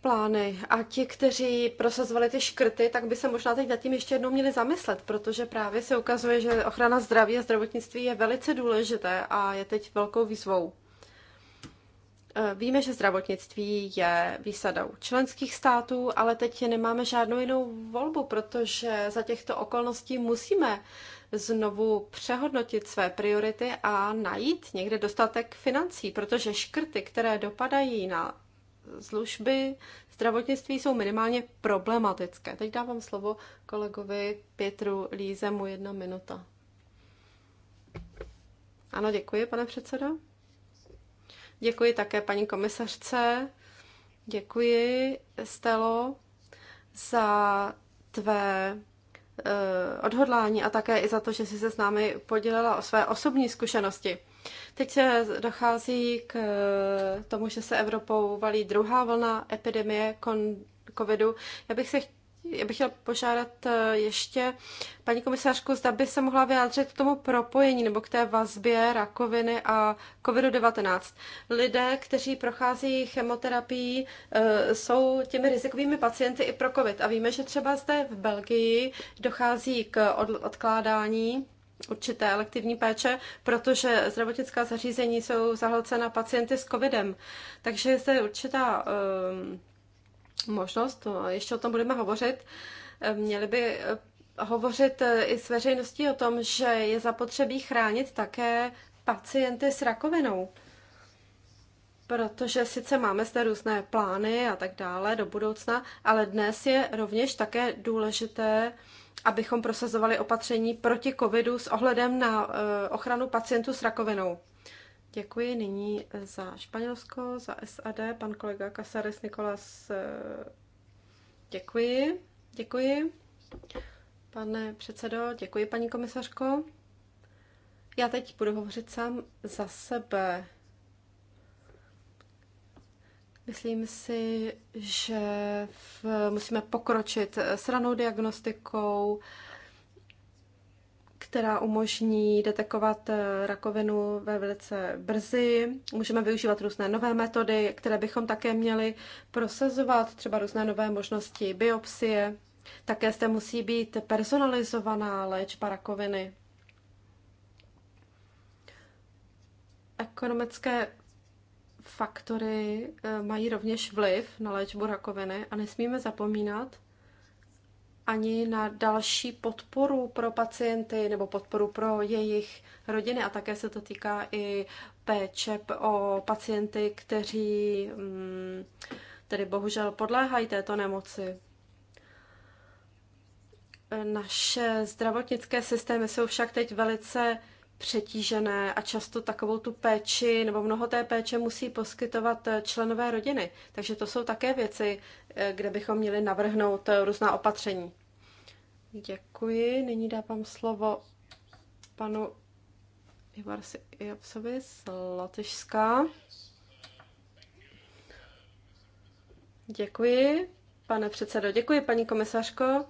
plány. A ti, kteří prosazovali ty škrty, tak by se možná teď nad tím ještě jednou měli zamyslet, protože právě se ukazuje, že ochrana zdraví a zdravotnictví je velice důležité a je teď velkou výzvou. Eh, víme, že zdravotnictví je výsadou členských států, ale teď nemáme žádnou jinou volbu, protože za těchto okolností musíme znovu přehodnotit své priority a najít někde dostatek financí, protože škrty, které dopadají na služby zdravotnictví, jsou minimálně problematické. Teď dávám slovo kolegovi Pětru Lízemu jedna minuta. Ano, děkuji, pane předsedo. Děkuji také paní komisařce. Děkuji, Stelo, za tvé eh, odhodlání a také i za to, že jsi se s námi podělila o své osobní zkušenosti. Teď se dochází k eh, tomu, že se Evropou valí druhá vlna epidemie covidu. Já bych se já bych chtěla požádat eh, ještě paní komisářku, zda by se mohla vyjádřit k tomu propojení nebo k té vazbě rakoviny a COVID-19. Lidé, kteří prochází chemoterapií, eh, jsou těmi rizikovými pacienty i pro COVID. A víme, že třeba zde v Belgii dochází k odkládání určité elektivní péče, protože zdravotnická zařízení jsou zahlcena pacienty s covidem. Takže je zde určitá um, možnost, no ještě o tom budeme hovořit, eh, měli by eh, hovořit eh, i s veřejností o tom, že je zapotřebí chránit také pacienty s rakovinou. Protože sice máme zde různé plány a tak dále do budoucna, ale dnes je rovněž také důležité, abychom prosazovali opatření proti covidu s ohledem na ochranu pacientů s rakovinou. Děkuji nyní za Španělsko, za SAD, pan kolega Casares Nikolas. Eh, děkuji, děkuji. Pane předsedo, děkuji, paní komisařko. Já teď budu hovořit sám za sebe. Myslím si, že v, musíme pokročit s ranou diagnostikou, která umožní detekovat eh, rakovinu ve velice brzy. Můžeme využívat různé nové metody, které bychom také měli prosazovat, třeba různé nové možnosti biopsie. Také zde musí být personalizovaná léčba rakoviny. Ekonomické faktory eh, mají rovněž vliv na léčbu rakoviny a nesmíme zapomínat, ani na další podporu pro pacienty nebo podporu pro jejich rodiny. A také se to týká i péče o pacienty, kteří mm, tedy bohužel podléhají této nemoci. Naše zdravotnické systémy jsou však teď velice přetížené a často takovou tu péči nebo mnoho té péče musí poskytovat eh, členové rodiny. Takže to jsou také věci, eh, kde bychom měli navrhnout eh, různá opatření. Děkuji. Nyní dávám slovo panu Ivarsi Jopsovi z Lotyšska. Děkuji, pane předsedo. Děkuji, paní komisařko,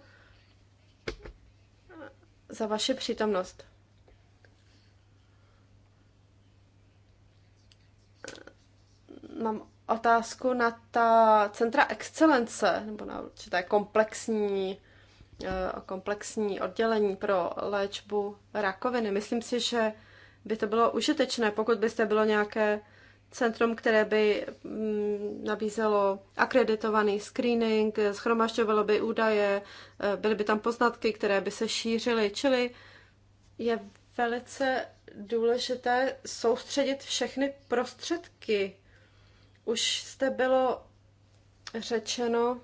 za vaši přítomnost. mám otázku na ta centra excelence, nebo na určité komplexní, eh, komplexní oddělení pro léčbu rakoviny. Myslím si, že by to bylo užitečné, pokud byste bylo nějaké centrum, které by mm, nabízelo akreditovaný screening, schromažďovalo by údaje, eh, byly by tam poznatky, které by se šířily, čili je velice důležité soustředit všechny prostředky už jste bylo řečeno,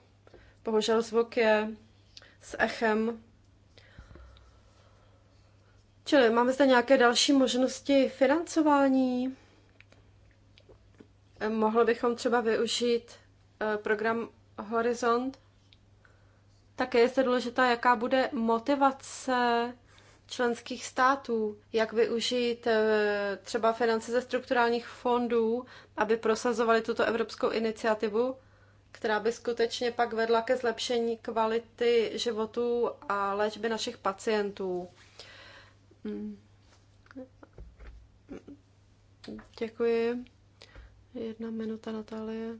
bohužel zvuk je s echem. Čili máme zde nějaké další možnosti financování. Mohli bychom třeba využít eh, program Horizont. Také je zde důležitá, jaká bude motivace členských států, jak využít eh, třeba finance ze strukturálních fondů, aby prosazovali tuto evropskou iniciativu, která by skutečně pak vedla ke zlepšení kvality životů a léčby našich pacientů. Mm. Děkuji. Jedna minuta, Natálie.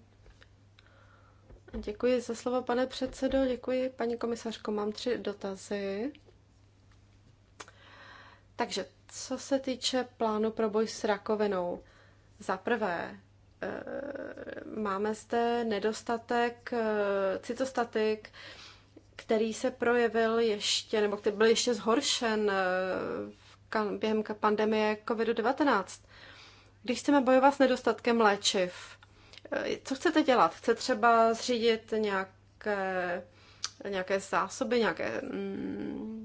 Děkuji za slovo, pane předsedo. Děkuji, paní komisařko. Mám tři dotazy. Takže co se týče plánu pro boj s rakovinou, za prvé eh, máme zde nedostatek eh, cytostatik, který se projevil ještě, nebo který byl ještě zhoršen eh, během pandemie COVID-19. Když chceme bojovat s nedostatkem léčiv, co chcete dělat? Chce třeba zřídit nějaké, nějaké zásoby, nějaké mm,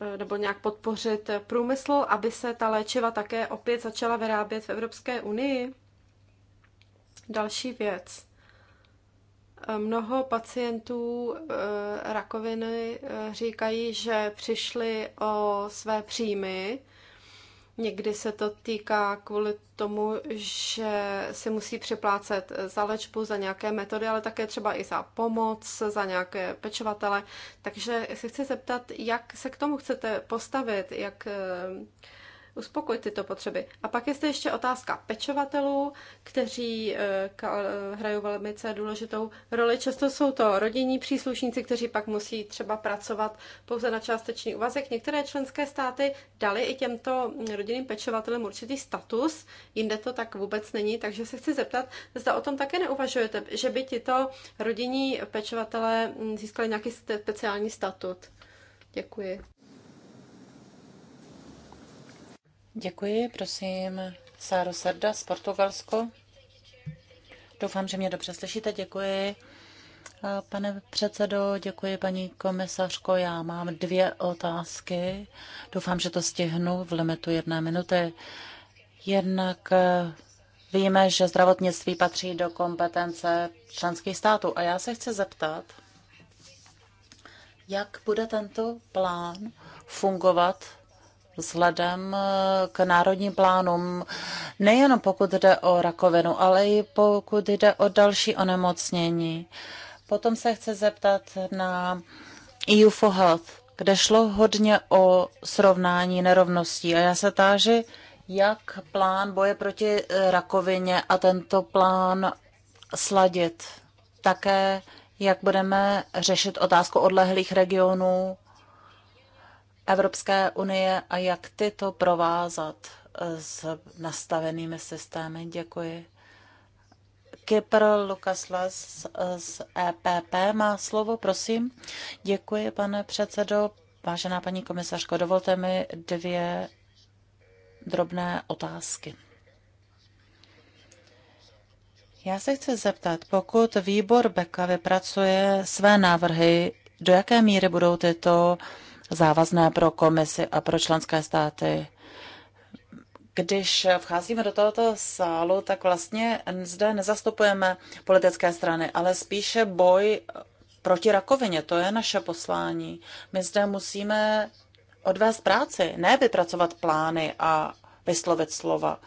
Eh, nebo nějak podpořit průmysl, aby se ta léčiva také opět začala vyrábět v Evropské unii? Další věc. Eh, mnoho pacientů eh, rakoviny říkají, že přišli o své příjmy Někdy se to týká kvůli tomu, že si musí přeplácet za léčbu, za nějaké metody, ale také třeba i za pomoc, za nějaké pečovatele. Takže se chci zeptat, jak se k tomu chcete postavit, jak uspokojit tyto potřeby. A pak je zde ještě otázka pečovatelů, kteří eh, eh, hrají velmi důležitou roli. Často jsou to rodinní příslušníci, kteří pak musí třeba pracovat pouze na částečný úvazek. Některé členské státy dali i těmto rodinným pečovatelům určitý status, jinde to tak vůbec není, takže se chci zeptat, zda o tom také neuvažujete, že by tito rodinní pečovatelé hm, získali nějaký speciální statut. Děkuji. Děkuji, prosím, Sáro Serda z Portugalsko. Doufám, že mě dobře slyšíte, děkuji. Pane předsedo, děkuji paní komisařko. Já mám dvě otázky. Doufám, že to stihnu v limitu jedné minuty. Jednak eh, víme, že zdravotnictví patří do kompetence členských států a já se chci zeptat, jak bude tento plán fungovat vzhledem eh, k národním plánům, nejenom pokud jde o rakovinu, ale i pokud jde o další onemocnění. Potom se chce zeptat na EU for Health, kde šlo hodně o srovnání nerovností. A já se táži, jak plán boje proti eh, rakovině a tento plán sladit. Také jak budeme řešit otázku odlehlých regionů Evropské unie a jak tyto provázat eh, s nastavenými systémy. Děkuji. Kypr Lukas Las eh, z EPP má slovo, prosím. Děkuji, pane předsedo. Vážená paní komisařko, dovolte mi dvě drobné otázky. Já se chci zeptat, pokud výbor Beka vypracuje své návrhy, do jaké míry budou tyto uh, závazné pro komisi a pro členské státy. Když vcházíme do tohoto sálu, tak vlastně zde nezastupujeme politické strany, ale spíše boj proti rakovině. To je naše poslání. My zde musíme odvést práci, ne vypracovat plány a vyslovit slova.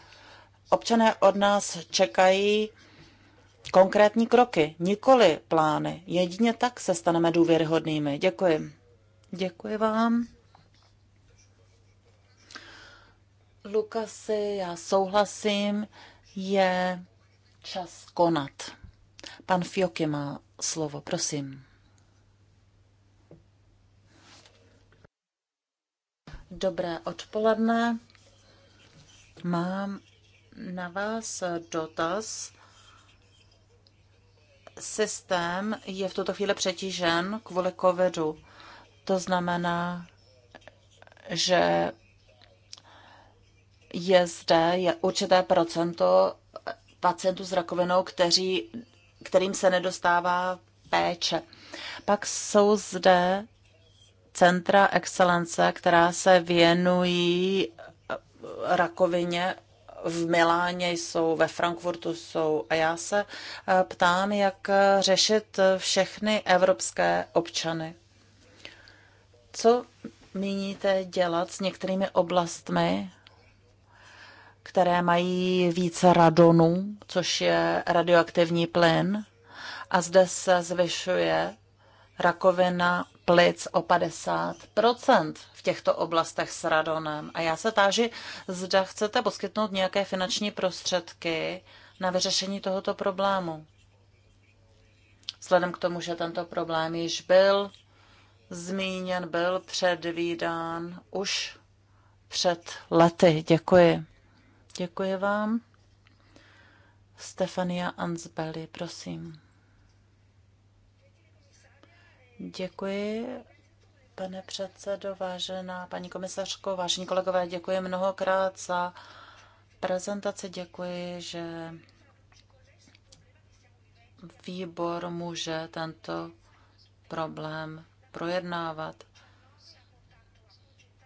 Občané od nás čekají konkrétní kroky, nikoli plány. Jedině tak se staneme důvěryhodnými. Děkuji. Děkuji vám. Lukasy, já souhlasím, je čas konat. Pan Fioky má slovo, prosím. Dobré odpoledne. Mám na vás dotaz. Systém je v tuto chvíli přetížen kvůli covidu. To znamená, že je zde je určité procento pacientů s rakovinou, kteří, kterým se nedostává péče. Pak jsou zde centra excelence, která se věnují rakovině. V Miláně jsou, ve Frankfurtu jsou. A já se eh, ptám, jak eh, řešit všechny evropské občany. Co míníte dělat s některými oblastmi, které mají více radonu, což je radioaktivní plyn, a zde se zvyšuje rakovina plic o 50% v těchto oblastech s radonem. A já se táži, zda chcete poskytnout nějaké finanční prostředky na vyřešení tohoto problému. Vzhledem k tomu, že tento problém již byl zmíněn byl, předvídán už před lety. Děkuji. Děkuji vám. Stefania Ansbeli, prosím. Děkuji, pane předsedo, vážená paní komisařko, vážení kolegové, děkuji mnohokrát za prezentaci. Děkuji, že výbor může tento problém projednávat.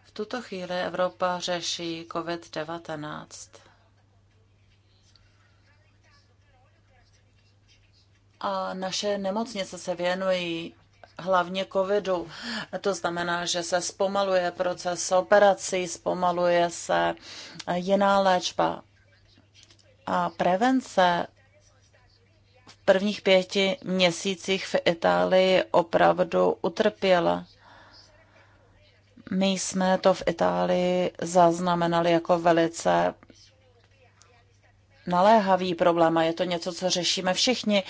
V tuto chvíli Evropa řeší COVID-19. A naše nemocnice se věnují hlavně covidu. To znamená, že se zpomaluje proces operací, zpomaluje se jiná léčba. A prevence prvních pěti měsících v Itálii opravdu utrpěla. My jsme to v Itálii zaznamenali jako velice naléhavý problém a je to něco, co řešíme všichni.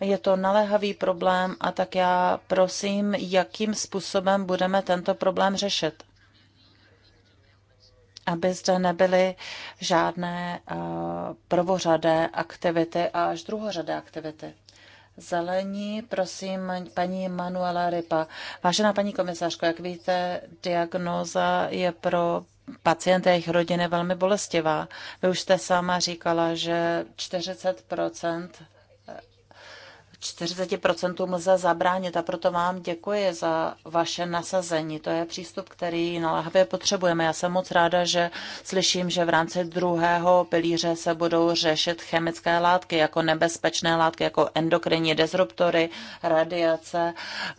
Je to naléhavý problém a tak já prosím, jakým způsobem budeme tento problém řešit aby zde nebyly žádné eh, prvořadé aktivity a až druhořadé aktivity. Zelení, prosím, paní Manuela Rypa. Vážená paní komisařko, jak víte, diagnóza je pro pacienty a jejich rodiny velmi bolestivá. Vy už jste sama říkala, že 40 40% lze zabránit a proto vám děkuji za vaše nasazení. To je přístup, který na lahvě potřebujeme. Já jsem moc ráda, že slyším, že v rámci druhého pilíře se budou řešit chemické látky jako nebezpečné látky, jako endokrinní disruptory, radiace,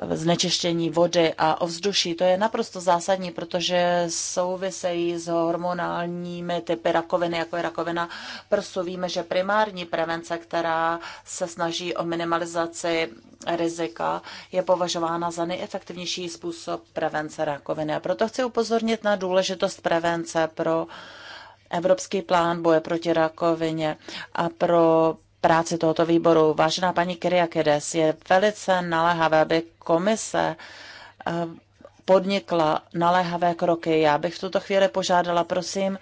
znečištění vody a ovzduší. To je naprosto zásadní, protože souvisejí s hormonálními typy rakoviny, jako je rakovina prsu. Víme, že primární prevence, která se snaží o minimalizaci minimalizaci rizika je považována za nejefektivnější způsob prevence rakoviny. A proto chci upozornit na důležitost prevence pro Evropský plán boje proti rakovině a pro práci tohoto výboru. Vážená paní Kyriakides, je velice naléhavé, aby komise eh, podnikla naléhavé kroky. Já bych v tuto chvíli požádala, prosím,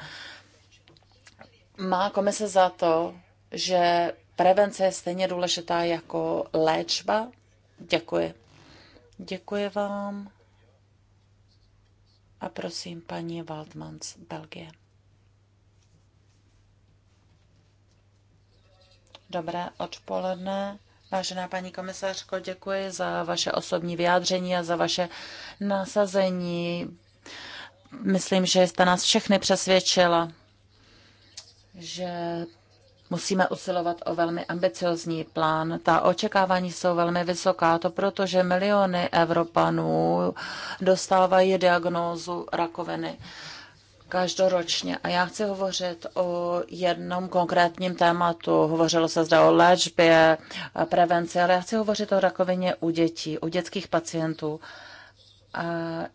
má komise za to, že Prevence je stejně důležitá jako léčba. Děkuji. Děkuji vám. A prosím, paní Waldmans, Belgie. Dobré odpoledne. Vážená paní komisařko, děkuji za vaše osobní vyjádření a za vaše nasazení. Myslím, že jste nás všechny přesvědčila, že musíme usilovat o velmi ambiciozní plán. Ta očekávání jsou velmi vysoká, to protože miliony Evropanů dostávají diagnózu rakoviny každoročně. A já chci hovořit o jednom konkrétním tématu. Hovořilo se zde o léčbě, prevenci, ale já chci hovořit o rakovině u dětí, u dětských pacientů. A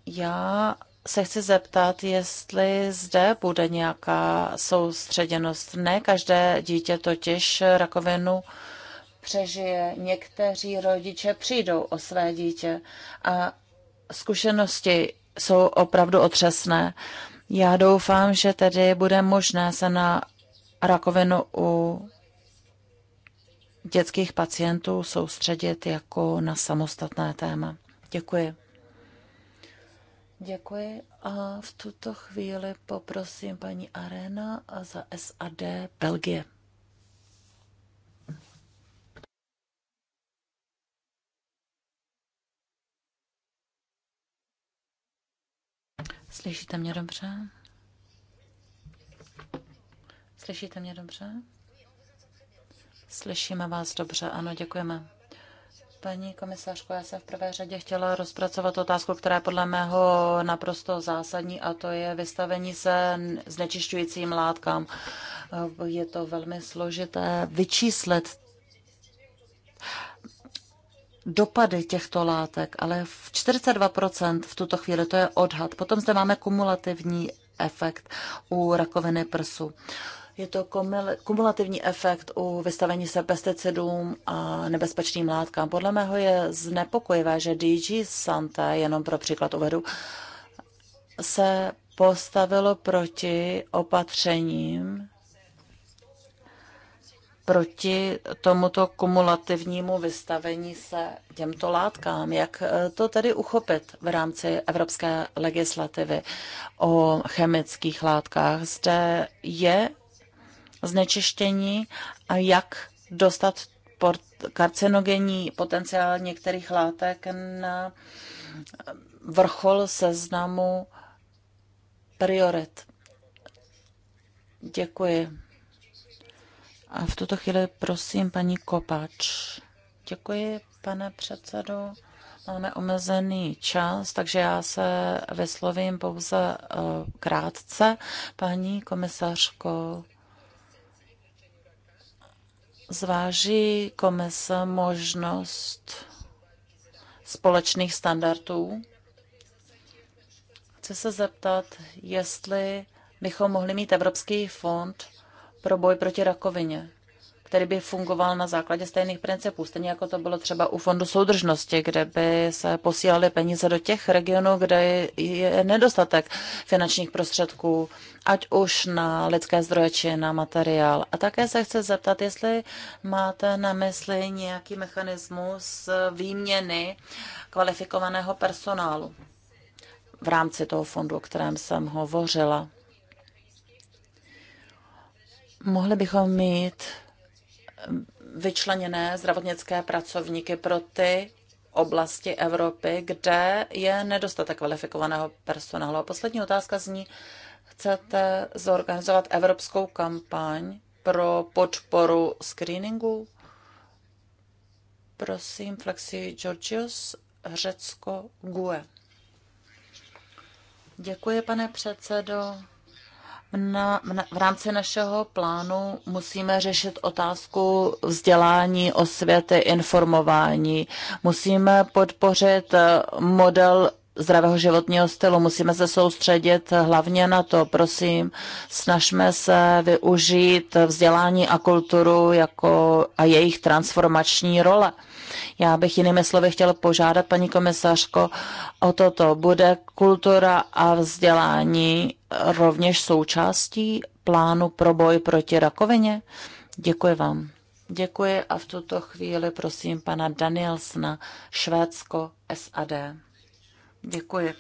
já se chci zeptat, jestli zde bude nějaká soustředěnost. Ne každé dítě totiž rakovinu přežije. Někteří rodiče přijdou o své dítě a zkušenosti jsou opravdu otřesné. Já doufám, že tedy bude možné se na rakovinu u dětských pacientů soustředit jako na samostatné téma. Děkuji. Děkuji a v tuto chvíli poprosím paní Arena a za SAD Belgie. Slyšíte mě dobře? Slyšíte mě dobře? Slyšíme vás dobře, ano, děkujeme. Paní komisařko, já jsem v prvé řadě chtěla rozpracovat otázku, která je podle mého naprosto zásadní, a to je vystavení se znečišťujícím látkám. Je to velmi složité vyčíslet dopady těchto látek, ale v 42% v tuto chvíli to je odhad. Potom zde máme kumulativní efekt u rakoviny prsu. Je to kumulativní efekt u vystavení se pesticidům a nebezpečným látkám. Podle mého je znepokojivé, že DG Santa, jenom pro příklad uvedu, se postavilo proti opatřením proti tomuto kumulativnímu vystavení se těmto látkám. Jak eh, to tedy uchopit v rámci evropské legislativy o chemických látkách? Zde je znečištění a jak dostat karcinogenní potenciál některých látek na vrchol seznamu priorit. Děkuji. A v tuto chvíli prosím paní Kopač. Děkuji, pane předsedo. Máme omezený čas, takže já se vyslovím pouze eh, krátce. Paní komisařko, Zváží komise možnost společných standardů? Chci se zeptat, jestli bychom mohli mít Evropský fond pro boj proti rakovině který by fungoval na základě stejných principů, stejně jako to bylo třeba u Fondu soudržnosti, kde by se posílaly peníze do těch regionů, kde je nedostatek finančních prostředků, ať už na lidské zdroje či na materiál. A také se chci zeptat, jestli máte na mysli nějaký mechanismus výměny kvalifikovaného personálu v rámci toho fondu, o kterém jsem hovořila. Mohli bychom mít vyčleněné zdravotnické pracovníky pro ty oblasti Evropy, kde je nedostatek kvalifikovaného personálu. A poslední otázka zní, chcete zorganizovat evropskou kampaň pro podporu screeningu? Prosím, Flexi Georgios, Řecko, GUE. Děkuji, pane předsedo. Na, na, v rámci našeho plánu musíme řešit otázku vzdělání, osvěty, informování. Musíme podpořit eh, model zdravého životního stylu. Musíme se soustředit hlavně na to, prosím, snažme se využít vzdělání a kulturu jako a jejich transformační role. Já bych jinými slovy chtěl požádat, paní komisařko, o toto. Bude kultura a vzdělání rovněž součástí plánu pro boj proti rakovině? Děkuji vám. Děkuji a v tuto chvíli prosím pana Danielsna, Švédsko, SAD. Děkuji,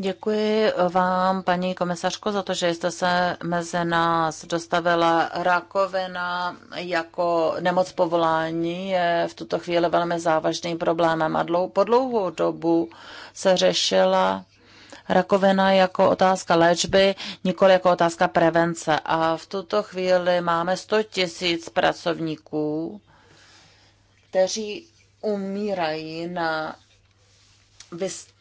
Děkuji vám, paní komisařko, za to, že jste se mezi nás dostavila. Rakovina jako nemoc povolání je v tuto chvíli velmi závažným problémem a dlou, po dlouhou dobu se řešila rakovina jako otázka léčby, nikoli jako otázka prevence. A v tuto chvíli máme 100 tisíc pracovníků, kteří umírají na vystavení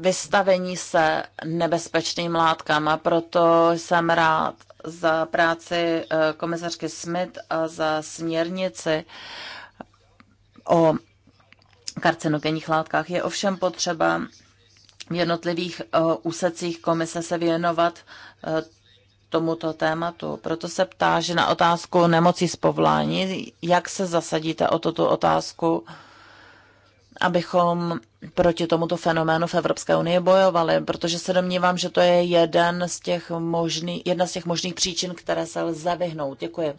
vystavení se nebezpečným látkám a proto jsem rád za práci eh, komisařky Smith a za směrnici o karcinogenních látkách. Je ovšem potřeba v jednotlivých eh, úsecích komise se věnovat eh, tomuto tématu. Proto se ptá, že na otázku nemocí z povolání, jak se zasadíte o tuto otázku abychom proti tomuto fenoménu v Evropské unii bojovali, protože se domnívám, že to je jeden z těch možný, jedna z těch možných příčin, které se lze vyhnout. Děkuji.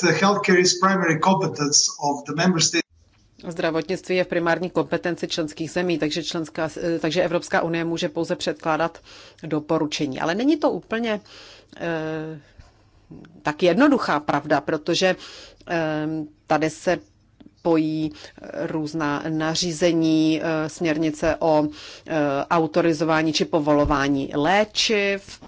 that healthcare is primary competence of the member states. Zdravotnictví je v primární kompetenci členských zemí, takže, členská, eh, takže Evropská unie může pouze předkládat doporučení. Ale není to úplně eh, tak jednoduchá pravda, protože eh, tady se pojí eh, různá nařízení, eh, směrnice o autorizování či povolování léčiv,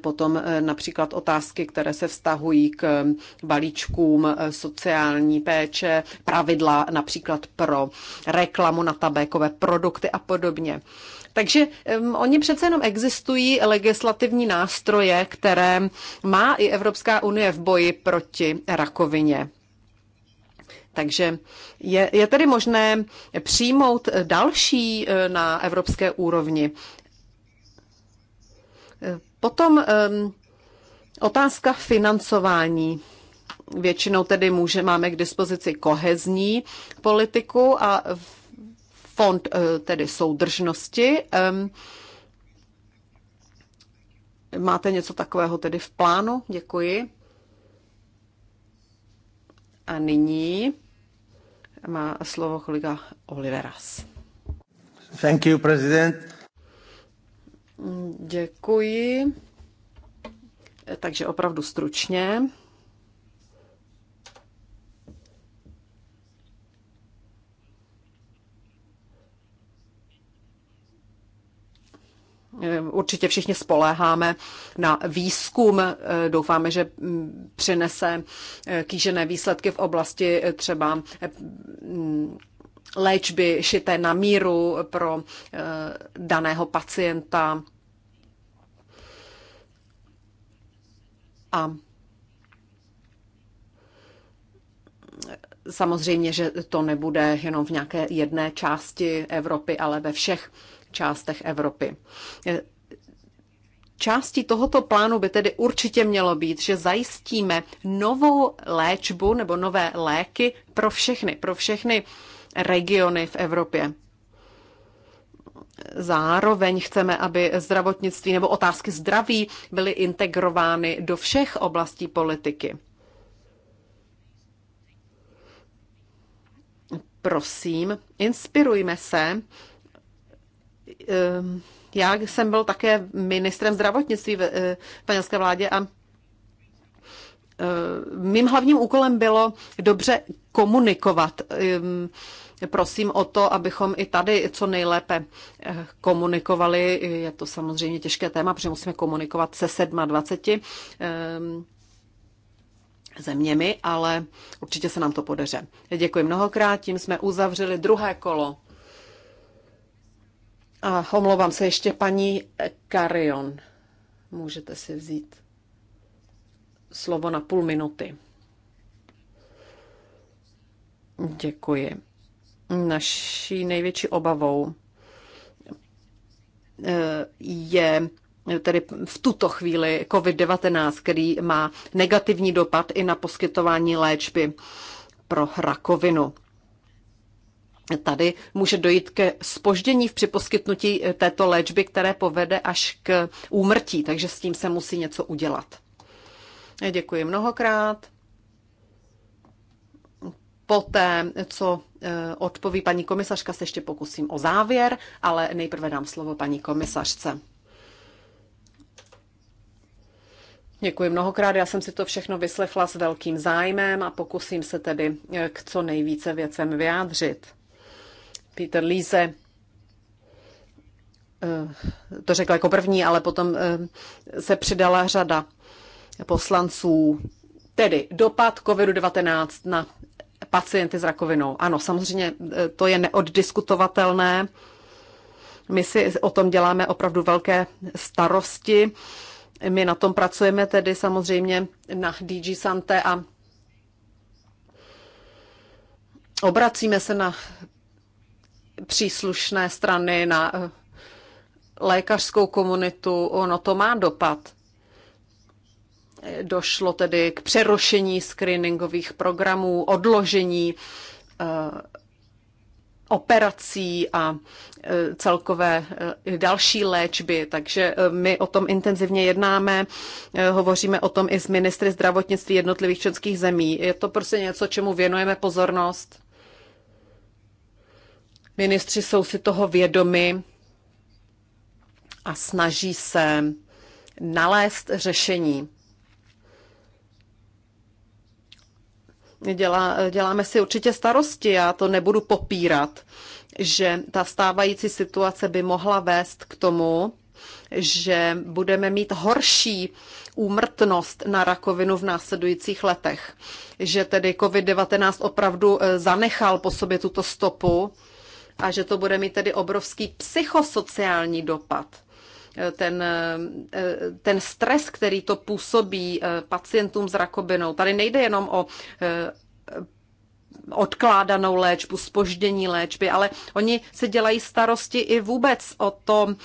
Potom eh, například otázky, které se vztahují k eh, balíčkům eh, sociální péče, pravidla například pro reklamu na tabékové produkty a podobně. Takže um, oni přece jenom existují legislativní nástroje, které má i Evropská unie v boji proti rakovině. Takže je, je tedy možné přijmout další na evropské úrovni Potom otázka financování většinou tedy může, máme k dispozici kohezní politiku a fond e, tedy soudržnosti. Máte něco takového tedy v plánu? Děkuji. A nyní má slovo kolega Oliveras. Thank you, president. Děkuji. Takže opravdu stručně. Určitě všichni spoléháme na výzkum. Doufáme, že přinese kýžené výsledky v oblasti třeba léčby šité na míru pro eh, daného pacienta. A samozřejmě, že to nebude jenom v nějaké jedné části Evropy, ale ve všech částech Evropy. Eh, částí tohoto plánu by tedy určitě mělo být, že zajistíme novou léčbu nebo nové léky pro všechny, pro všechny uh, regiony v Evropě. Zároveň chceme, aby zdravotnictví nebo otázky zdraví byly integrovány do všech oblastí politiky. Prosím, inspirujme se. Ehm, já jsem byl také ministrem zdravotnictví v eh, španělské vládě a Eh, mým hlavním úkolem bylo dobře komunikovat. Ehm, prosím o to, abychom i tady co nejlépe eh, komunikovali. Je to samozřejmě těžké téma, protože musíme komunikovat se 27 ehm, zeměmi, ale určitě se nám to podaře. Děkuji mnohokrát, tím jsme uzavřeli druhé kolo. A omlouvám se ještě paní Karion. Můžete si vzít slovo na půl minuty. Děkuji. Naší největší obavou eh, je tedy v tuto chvíli COVID-19, který má negativní dopad i na poskytování léčby pro rakovinu. Tady může dojít ke spoždění v připoskytnutí této léčby, které povede až k úmrtí, takže s tím se musí něco udělat. Děkuji mnohokrát. Poté, co e, odpoví paní komisařka, se ještě pokusím o závěr, ale nejprve dám slovo paní komisařce. Děkuji mnohokrát, já jsem si to všechno vyslechla s velkým zájmem a pokusím se tedy e, k co nejvíce věcem vyjádřit. Peter Líze e, to řekl jako první, ale potom se přidala řada poslanců. Tedy dopad COVID-19 na pacienty s rakovinou. Ano, samozřejmě e, to je neoddiskutovatelné. My si o tom děláme opravdu velké starosti. My na tom pracujeme tedy samozřejmě na DG Sante a obracíme se na příslušné strany, na e, lékařskou komunitu. Ono to má dopad. Došlo tedy k přerušení screeningových programů, odložení eh, operací a eh, celkové eh, další léčby. Takže my o tom intenzivně jednáme, hovoříme o tom i s ministry zdravotnictví jednotlivých členských zemí. Je to prostě něco, čemu věnujeme pozornost. Ministři jsou si toho vědomi a snaží se nalézt řešení. dělá, děláme si určitě starosti, já to nebudu popírat, že ta stávající situace by mohla vést k tomu, že budeme mít horší úmrtnost na rakovinu v následujících letech. Že tedy COVID-19 opravdu eh, zanechal po sobě tuto stopu a že to bude mít tedy obrovský psychosociální dopad ten, eh, ten stres, který to působí eh, pacientům s rakovinou. Tady nejde jenom o eh, odkládanou léčbu, spoždění léčby, ale oni se dělají starosti i vůbec o tom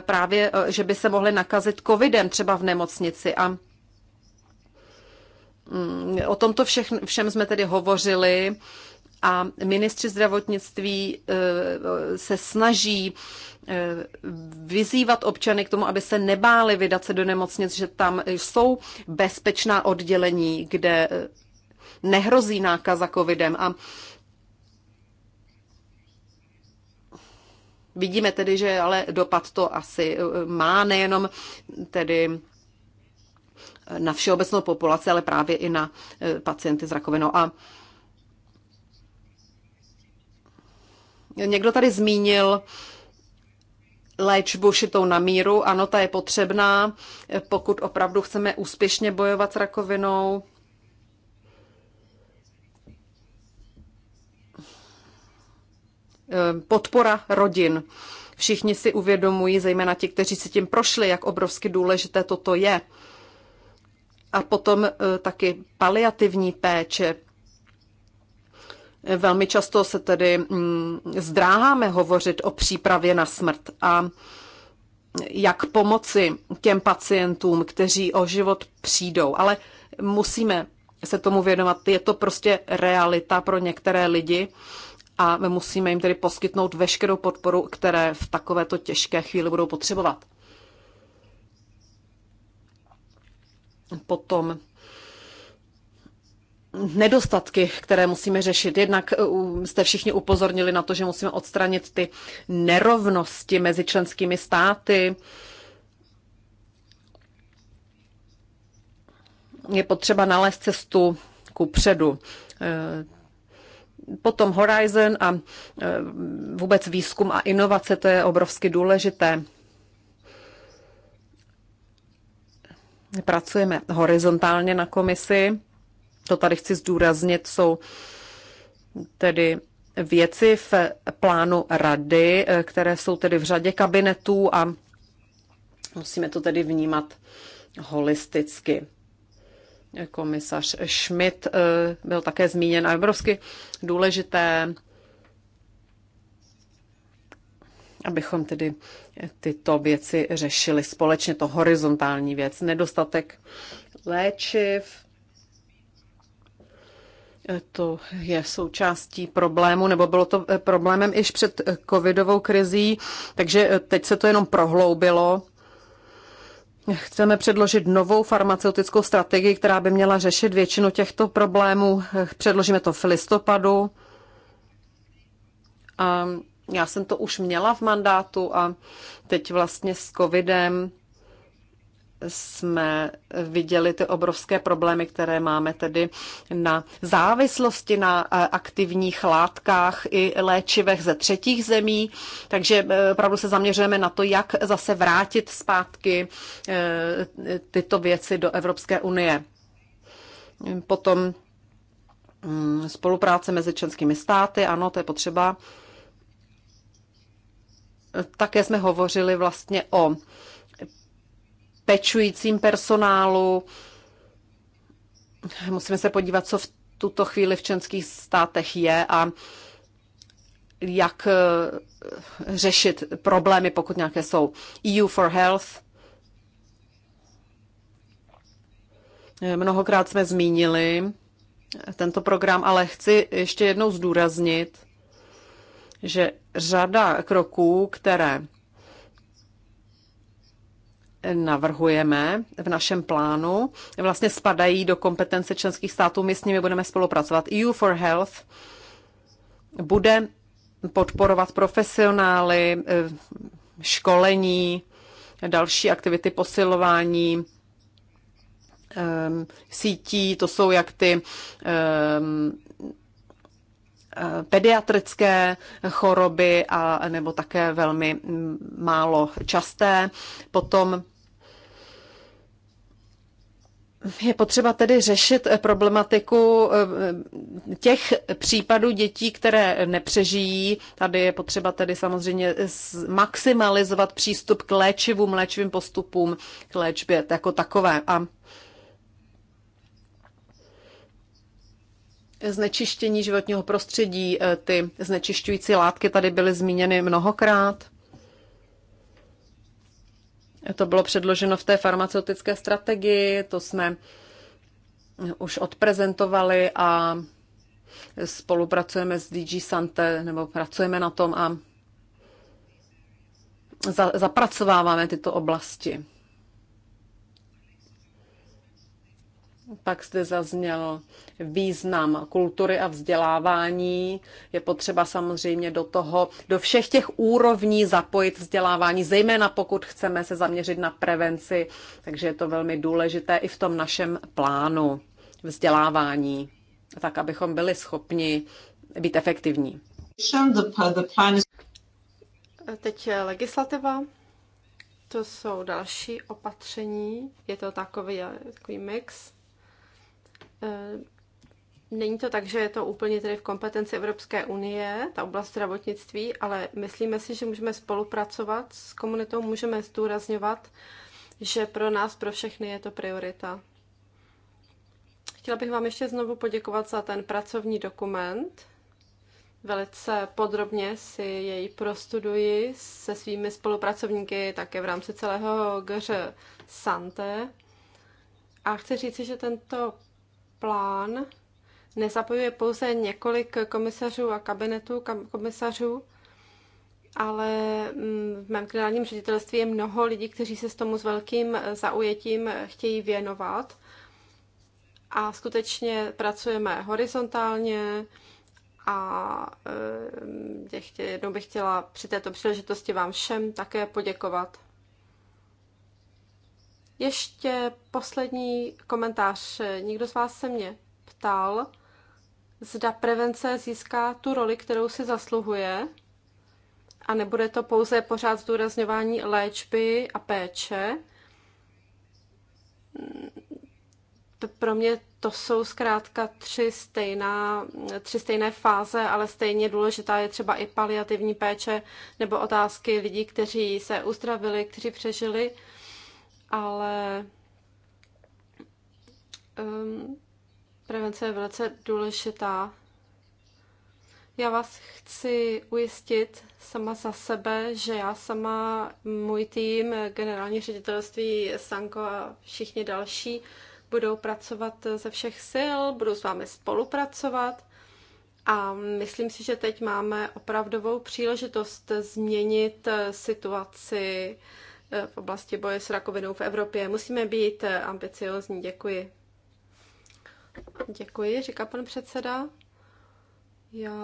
právě, že by se mohli nakazit covidem třeba v nemocnici a mm, O tomto všech, všem jsme tedy hovořili a ministři zdravotnictví eh, se snaží eh, vyzývat občany k tomu, aby se nebáli vydat se do nemocnic, že tam jsou bezpečná oddělení, kde eh, nehrozí nákaza covidem. A vidíme tedy, že ale dopad to asi má nejenom tedy na všeobecnou populaci, ale právě i na pacienty s rakovinou. A Někdo tady zmínil léčbu šitou na míru. Ano, ta je potřebná, pokud opravdu chceme úspěšně bojovat s rakovinou. Ehm, podpora rodin. Všichni si uvědomují, zejména ti, kteří si tím prošli, jak obrovsky důležité toto je. A potom eh, taky paliativní péče, Velmi často se tedy mm, zdráháme hovořit o přípravě na smrt a jak pomoci těm pacientům, kteří o život přijdou. Ale musíme se tomu věnovat. Je to prostě realita pro některé lidi a my musíme jim tedy poskytnout veškerou podporu, které v takovéto těžké chvíli budou potřebovat. Potom nedostatky, které musíme řešit. Jednak eh, jste všichni upozornili na to, že musíme odstranit ty nerovnosti mezi členskými státy. Je potřeba nalézt cestu ku předu. Eh, potom Horizon a eh, vůbec výzkum a inovace, to je obrovsky důležité. Pracujeme horizontálně na komisi to tady chci zdůraznit, jsou tedy věci v plánu rady, které jsou tedy v řadě kabinetů a musíme to tedy vnímat holisticky. Komisař Schmidt eh, byl také zmíněn a obrovsky důležité, abychom tedy tyto věci řešili společně, to horizontální věc, nedostatek léčiv, to je součástí problému, nebo bylo to eh, problémem iž před eh, covidovou krizí, takže eh, teď se to jenom prohloubilo. Chceme předložit novou farmaceutickou strategii, která by měla řešit většinu těchto problémů. Předložíme to v listopadu. A já jsem to už měla v mandátu a teď vlastně s covidem jsme viděli ty obrovské problémy, které máme tedy na závislosti na eh, aktivních látkách i léčivech ze třetích zemí. Takže eh, opravdu se zaměřujeme na to, jak zase vrátit zpátky eh, tyto věci do Evropské unie. Potom hm, spolupráce mezi členskými státy, ano, to je potřeba. Také jsme hovořili vlastně o pečujícím personálu. Musíme se podívat, co v tuto chvíli v členských státech je a jak eh, řešit problémy, pokud nějaké jsou. EU for Health. Mnohokrát jsme zmínili tento program, ale chci ještě jednou zdůraznit, že řada kroků, které navrhujeme v našem plánu, vlastně spadají do kompetence členských států. My s nimi budeme spolupracovat. EU for Health bude podporovat profesionály, eh, školení, další aktivity posilování eh, sítí, to jsou jak ty eh, pediatrické choroby a nebo také velmi mm, málo časté. Potom je potřeba tedy řešit eh, problematiku eh, těch případů dětí, které nepřežijí. Tady je potřeba tedy samozřejmě maximalizovat přístup k léčivům, léčivým postupům, k léčbě jako takové. A znečištění životního prostředí, eh, ty znečišťující látky tady byly zmíněny mnohokrát. To bylo předloženo v té farmaceutické strategii, to jsme už odprezentovali a spolupracujeme s DG Sante, nebo pracujeme na tom a za, zapracováváme tyto oblasti. Pak zde zazněl význam kultury a vzdělávání. Je potřeba samozřejmě do toho, do všech těch úrovní zapojit vzdělávání, zejména pokud chceme se zaměřit na prevenci, takže je to velmi důležité i v tom našem plánu vzdělávání, tak abychom byli schopni být efektivní. Teď je legislativa. To jsou další opatření. Je to takový, takový mix. Eh, není to tak, že je to úplně tedy v kompetenci Evropské unie, ta oblast zdravotnictví, ale myslíme si, že můžeme spolupracovat s komunitou, můžeme zdůrazňovat, že pro nás, pro všechny je to priorita. Chtěla bych vám ještě znovu poděkovat za ten pracovní dokument. Velice podrobně si jej prostuduji se svými spolupracovníky také v rámci celého GŘ Sante. A chci říci, že tento plán nezapojuje pouze několik komisařů a kabinetů komisařů, ale mm, v mém generálním ředitelství je mnoho lidí, kteří se s tomu s velkým eh, zaujetím eh, chtějí věnovat. A skutečně pracujeme horizontálně a eh, mm, jednou bych chtěla při této příležitosti vám všem také poděkovat. Ještě poslední komentář. Někdo z vás se mě ptal, zda prevence získá tu roli, kterou si zasluhuje a nebude to pouze pořád zdůrazňování léčby a péče. Pro mě to jsou zkrátka tři, stejná, tři stejné fáze, ale stejně důležitá je třeba i paliativní péče nebo otázky lidí, kteří se uzdravili, kteří přežili ale um, prevence je velice důležitá. Já vás chci ujistit sama za sebe, že já sama, můj tým, generální ředitelství Sanko a všichni další budou pracovat ze všech sil, budou s vámi spolupracovat a myslím si, že teď máme opravdovou příležitost změnit situaci v oblasti boje s rakovinou v Evropě. Musíme být eh, ambiciozní. Děkuji. Děkuji, říká pan předseda. Já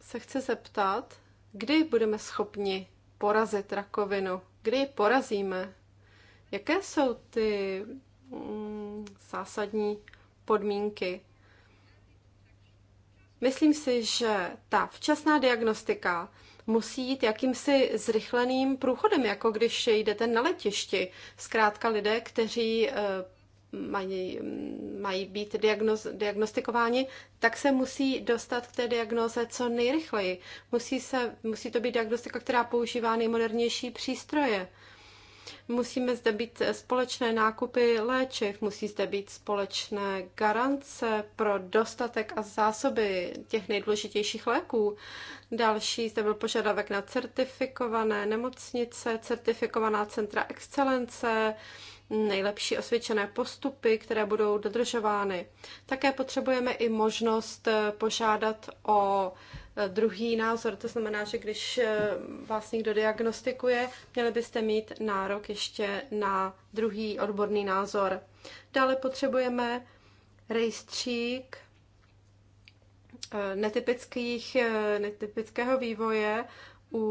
se chci zeptat, kdy budeme schopni porazit rakovinu? Kdy ji porazíme? Jaké jsou ty mm, zásadní podmínky? Myslím si, že ta včasná diagnostika, musí jít jakýmsi zrychleným průchodem, jako když jdete na letišti. Zkrátka lidé, kteří eh, mají, mají být diagnoz, diagnostikováni, tak se musí dostat k té diagnoze co nejrychleji. Musí, se, musí to být diagnostika, která používá nejmodernější přístroje. Musíme zde být společné nákupy léčiv, musí zde být společné garance pro dostatek a zásoby těch nejdůležitějších léků. Další zde byl požadavek na certifikované nemocnice, certifikovaná centra excelence, nejlepší osvědčené postupy, které budou dodržovány. Také potřebujeme i možnost požádat o Eh, druhý názor. To znamená, že když eh, vás někdo diagnostikuje, měli byste mít nárok ještě na druhý odborný názor. Dále potřebujeme rejstřík eh, netypických, netypického vývoje u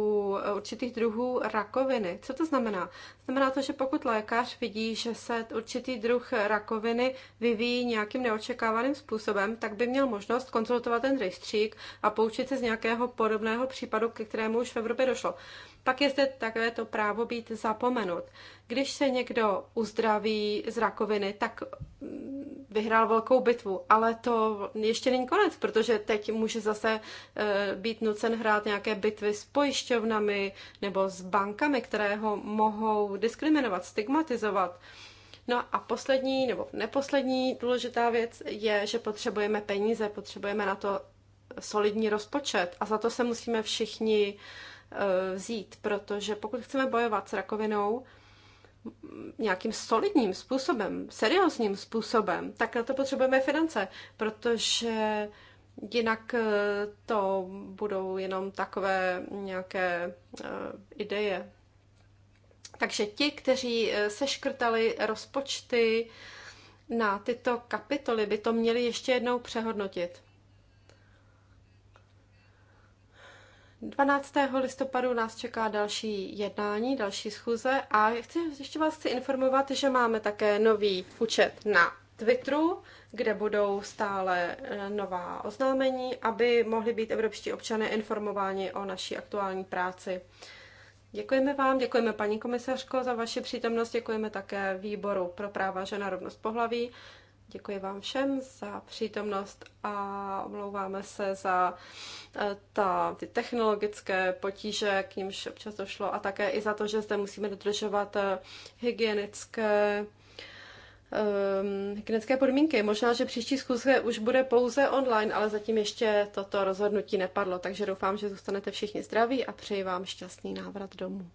určitých druhů rakoviny. Co to znamená? Znamená to, že pokud lékař vidí, že se určitý druh rakoviny vyvíjí nějakým neočekávaným způsobem, tak by měl možnost konzultovat ten rejstřík a poučit se z nějakého podobného případu, ke kterému už v Evropě došlo. Pak je zde takové to právo být zapomenut. Když se někdo uzdraví z rakoviny, tak mm, vyhrál velkou bitvu, ale to ještě není konec, protože teď může zase eh, být nucen hrát nějaké bitvy s pojišťovnami nebo s bankami, které ho mohou diskriminovat, stigmatizovat. No a poslední nebo neposlední důležitá věc je, že potřebujeme peníze, potřebujeme na to solidní rozpočet a za to se musíme všichni eh, vzít, protože pokud chceme bojovat s rakovinou nějakým solidním způsobem, seriózním způsobem, tak na to potřebujeme finance, protože jinak eh, to budou jenom takové nějaké eh, ideje, takže ti, kteří eh, seškrtali rozpočty na tyto kapitoly, by to měli ještě jednou přehodnotit. 12. listopadu nás čeká další jednání, další schůze a chci, ještě vás chci informovat, že máme také nový účet na Twitteru, kde budou stále eh, nová oznámení, aby mohli být evropští občané informováni o naší aktuální práci. Děkujeme vám, děkujeme paní komisařko za vaši přítomnost, děkujeme také výboru pro práva žen a rovnost pohlaví. Děkuji vám všem za přítomnost a omlouváme se za eh, ta, ty technologické potíže, k nímž občas došlo, a také i za to, že zde musíme dodržovat eh, hygienické um, hygienické podmínky. Možná, že příští schůzka už bude pouze online, ale zatím ještě toto rozhodnutí nepadlo, takže doufám, že zůstanete všichni zdraví a přeji vám šťastný návrat domů.